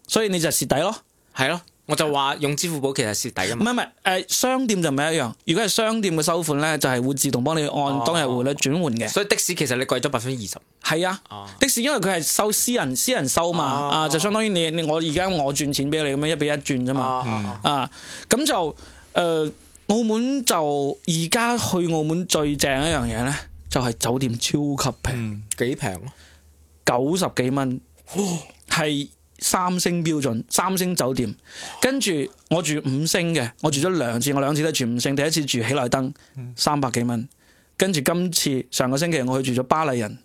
所以你就蝕底咯，係咯。我就話用支付寶其實蝕底噶，
唔係唔係誒商店就唔係一樣。如果係商店嘅收款咧，就係、是、會自動幫你按當日匯率、啊啊、轉換嘅。所以的士其實你貴咗百分之二十。係啊，啊，的士因為佢係收私人私人收嘛，啊，啊就相當於你，你我而家我轉錢俾你咁樣一比一轉啫嘛。啊咁、嗯啊嗯、就誒、呃、澳門就而家去澳門最正一樣嘢咧，就係、是、酒店超級平，幾平，九十幾蚊係。三星標準，三星酒店，跟住我住五星嘅，我住咗兩次，我兩次都住五星，第一次住喜來登，三百幾蚊，跟住今次上個星期我去住咗巴黎人，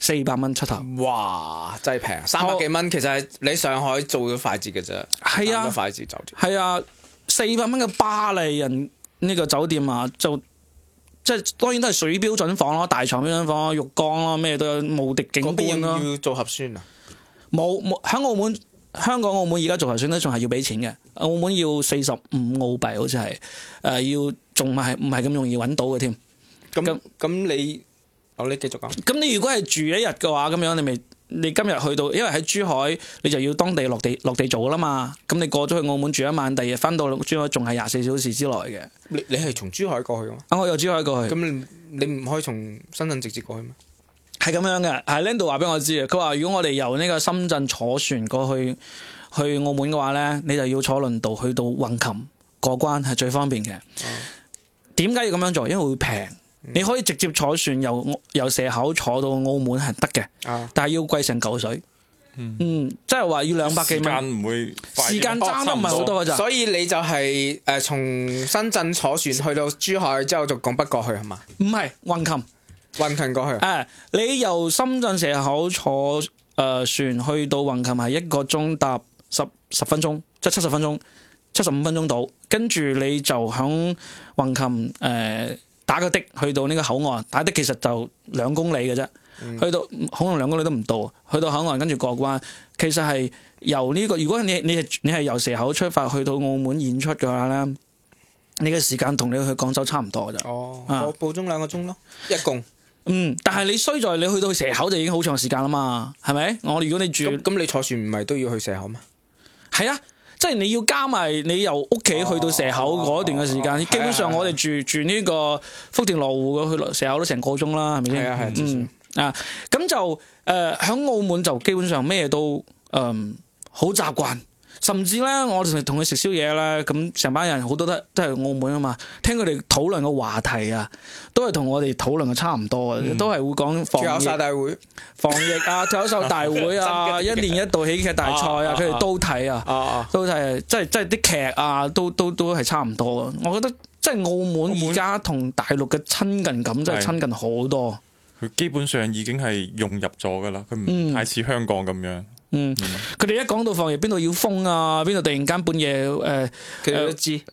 四百蚊出頭。哇，
真係平，三百幾蚊，其實你上海做咗快捷嘅啫，係我啊，快節快捷酒店，係啊，四百蚊嘅巴黎人
呢個酒店啊，就即係當然都係水標準房咯、啊，大牀標準房、啊，浴缸咯、啊，咩都有無敵景觀咯、啊。要做核酸啊！冇冇，喺澳門、香港、澳門而家做頭先咧，仲係要俾錢嘅。澳門要四十五澳幣好，好似係誒，要仲咪唔係咁容易揾到嘅添？
咁咁咁你，好、哦、你繼續講。
咁你如果係住一日嘅話，咁樣你咪你今日去到，因為喺珠海，你就要當地落地落地做㗎啦嘛。咁你過咗去澳門住一晚，第二日翻到珠海，仲係廿四小時之內嘅。
你你係從珠海過去嘅嘛？啊，我由珠海過去。咁你你唔可以從深圳直接過去咩？
係咁樣嘅，係 Linda 話俾我知啊。佢話如果我哋由呢個深圳坐船過去去澳門嘅話咧，你就要坐輪渡去到橫琴過關係最方便嘅。點解？哦、要咁樣做？因為會平，嗯、你可以直接坐船由由蛇口坐到澳門係得嘅，啊、但係要貴成嚿水。嗯，即係話要兩百幾蚊，時間唔
會時間差得唔係好多嘅啫。哦、所以你
就係誒從深圳坐船去到珠海之後就拱北過去係嘛？
唔係橫琴。橫琴過去，誒，uh, 你由深圳蛇口坐誒、呃、船去到橫琴係一個鐘搭十十分鐘，即係七十分鐘，七十五分鐘到，跟住你就響橫琴誒、呃、打個的去到呢個口岸，打的其實就兩公里嘅啫，嗯、去到可能兩公里都唔到，去到口岸跟住過關，其實係由呢、這個如果你你係你係由蛇口出發去到澳門演出嘅話咧，你嘅時間同你去廣州差唔多嘅咋。哦，我補補充兩個鐘咯，一共。嗯，但係你衰在你去到蛇口就已經好長時間啦嘛，係咪？我如果你住咁，你坐船唔係都要去蛇口嘛？係啊，即係你要加埋你由屋企去到蛇口嗰一段嘅時間，啊啊啊、基本上我哋住、啊哎哎哎、住呢個福田羅湖嘅去蛇口都成個鐘啦，係咪先？係啊係，嗯、哎、啊，咁就誒喺、呃、澳門就基本上咩都嗯好習慣。甚至咧，我哋同同佢食宵夜咧，咁成班人好多都都係澳門啊嘛，聽佢哋討論嘅話題啊，都係同我哋討論嘅差唔多嘅，嗯、都係會講，脫口秀大會防疫啊，脫口秀大會啊， 一年一度喜劇大賽啊，佢哋都睇啊，啊都睇，即係即係啲劇啊，都都都係差唔多。我覺得即係澳門而家同大陸嘅親近感真係親近
好多。佢基本上已經係融入咗噶啦，佢唔太似香港咁樣。嗯
嗯，佢哋、mm hmm. 一講到防疫，邊度要封啊？邊度突然間半夜誒，佢、呃、哋都知。呃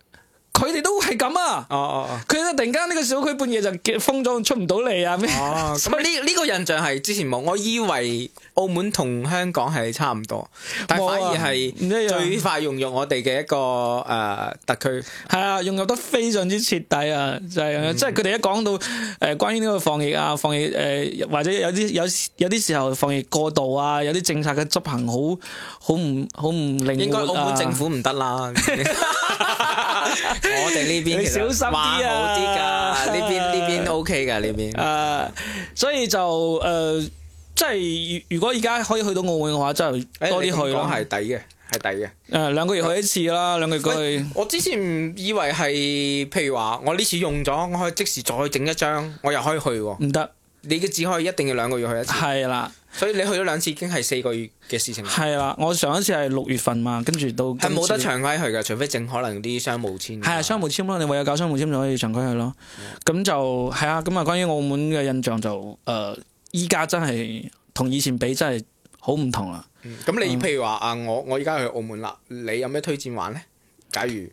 佢哋 都係咁啊！
哦哦，佢哋突然間呢個小區半夜就封咗，出唔到嚟啊！哦、oh, 以，咁啊呢呢個印象係之前冇，我以為澳門同香港係差唔多，但反而係最快融入我哋嘅一個誒、呃、特區。係啊，融入得非常之徹底啊！就係、是啊，即係佢哋一講到誒、呃、關於呢個防疫啊、防疫誒、呃，或者
有啲有有啲時候防疫過度啊，有啲政策嘅執行好好唔好
唔靈活啊！應該澳門政府唔得啦。呃 我哋呢邊小心啲、啊、好啲噶，呢邊呢邊都 OK 噶呢邊。誒、 啊，所以就
誒、呃，即係如果而家可以去到澳門嘅話，真係多啲去咯。係
抵嘅，係抵嘅。誒、嗯，兩個月去一次啦，兩喂個月過去。我之前以為係，譬如話我呢次用咗，我可以即時再整一張，我又可以去喎、啊。唔得。你嘅只可以一定要兩個月去一次，係啦的，所以你去咗兩次已經係四個月嘅事情。係啦，我上一次係六月
份嘛，跟住都，係冇得長
規去嘅，除非正可能啲商務簽。
係啊，商務簽咯，你唯有搞商務簽就可以長規去咯。咁、嗯、就係啊，咁啊，關於澳門嘅印象就誒，依、呃、家真係同以前比真係好唔同啦。
咁、嗯、你譬如話、嗯、啊，我我依家去澳門啦，你有咩推薦玩咧？假如？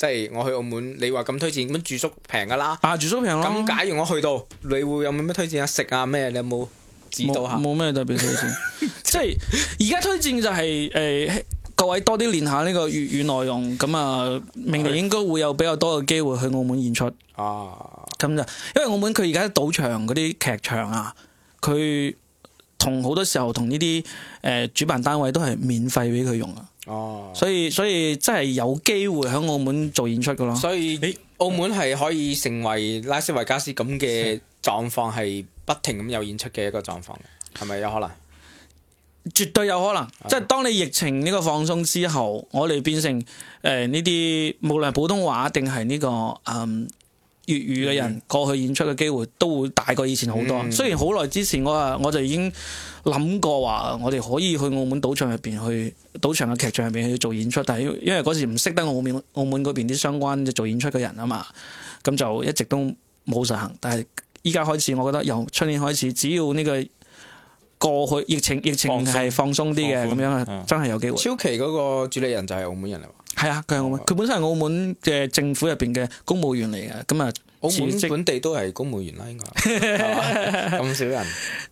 即係我去澳門，你話咁推薦咁住宿平噶啦。啊，住宿平咯。咁假如我去到，你會有冇咩推薦啊？食啊咩？你有冇指導下？冇咩特別推薦。 即係而家推薦就係
誒，各位多啲練下呢個粵語內容。咁啊，明年應該會有比較多嘅機會去澳門演出。啊，咁就因為澳門佢而家賭場嗰啲劇場啊，佢同好多時候同呢啲誒主辦單位都係免費俾佢用啊。哦、oh.，所以所以真係有機會喺澳門做演出噶咯，所
以澳門係可以成為拉斯維加斯咁嘅狀況，係不停咁有演出嘅一個狀況，係咪有可能？
絕對有可能，oh. 即係當你疫情呢個放鬆之後，我哋變成誒呢啲，無論係普通話定係呢個嗯。Um, 粵語嘅人過去演出嘅機會都會大過以前好多，嗯、雖然好耐之前我啊我就已經諗過話我哋可以去澳門賭場入邊去賭場嘅劇場入邊去做演出，但係因為嗰時唔識得澳門澳門嗰邊啲相關做演出嘅人啊嘛，咁就一直都冇實行。但係依家開始，我覺得由春年開始，只要呢個過去疫情疫情係放鬆啲嘅，咁鬆樣真係有機會。嗯、超期嗰
個主理人就係澳門人嚟。
係啊，佢係澳門，佢、哦、本身係澳門嘅政府入邊嘅公務員嚟嘅，咁啊，澳門本
地都係公務員啦，應該，
咁 少人。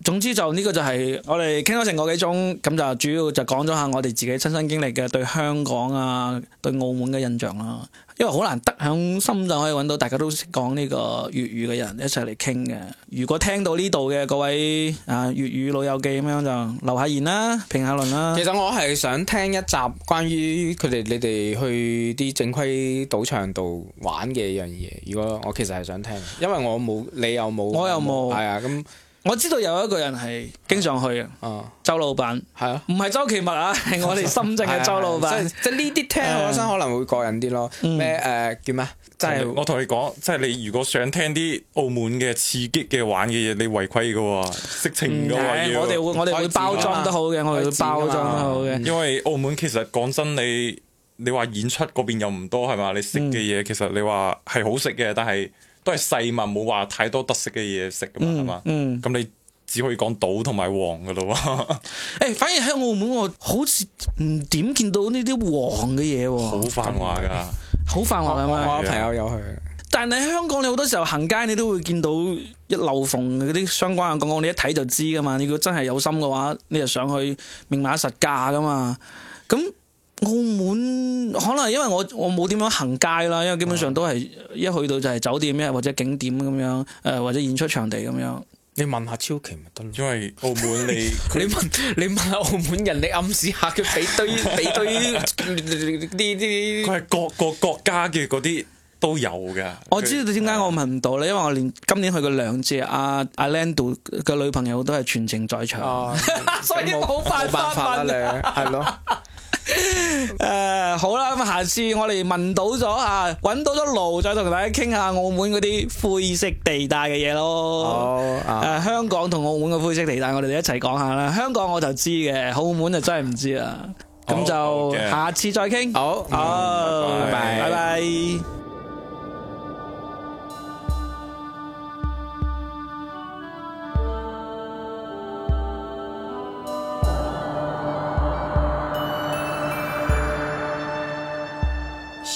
總之就呢個就係我哋傾咗成個幾鐘，咁就主要就講咗下我哋自己親身，身經歷嘅對香港啊、對澳門嘅印象啦、啊。因為好難得喺深圳可以揾到大家都識講呢個粵語嘅人一齊嚟傾嘅。如果聽到呢度嘅各位啊粵語老友記咁樣就留下言啦、啊，評下論啦、啊。其
實我係想聽一集關於佢哋你哋去啲正規賭場度玩嘅一樣嘢。如果我其實係想聽，因為我冇，你又冇，我又冇，係啊咁。我知道有一個
人係經常去啊，周老闆係啊，唔係周其物啊，係我哋深圳嘅周
老闆。即係呢啲聽起身可能會過癮啲咯。咩誒叫咩？
即係我同你講，即係你如果想聽啲澳門嘅刺激嘅玩嘅嘢，你違規噶色情噶。我哋會我哋會包裝得好嘅，我哋會包裝得好嘅。因為澳門其實講真，你你話演出嗰邊又唔多係嘛？你食嘅嘢其實你話係好食嘅，但係。因為細民冇話太多特色嘅嘢食噶嘛，係嘛？咁你只可以講賭同埋黃噶咯喎。誒，反而喺澳門我好似唔點見
到呢啲黃嘅嘢喎。好繁華噶，好繁華啊！我我朋友有去，但係香港你好多時候行街，你都會見到一樓一鳳嗰啲相關嘅廣告，你一睇就知噶嘛。你如果真係有心嘅話，你就上去明碼實價噶嘛。咁。澳門可能因為我我冇點樣行街啦，因為基本上都係一去到就係酒店咧，或者景點咁樣，誒或者演出場地咁樣。你問下超奇咪
得咯？因
為澳門你
你問你問下澳門人，你暗示下佢俾對俾對
啲啲佢係各個國家嘅嗰啲都有噶。我知
道點解我問唔到咧，因為我連今年去過兩次阿阿 lando 嘅女朋友都係全程在場，所以冇辦法啦，係咯。誒， uh, 好啦，咁下次我哋問到咗啊，揾到咗路，再同大家傾下澳門嗰啲灰色地帶嘅嘢咯。誒，oh, uh. uh, 香港同澳門嘅灰色地帶，我哋一齊講下啦。香港我就知嘅，澳門就真係唔知啦。咁、oh, 就 okay, 下次再傾。好，好，拜拜。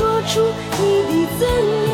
說出你的尊嚴。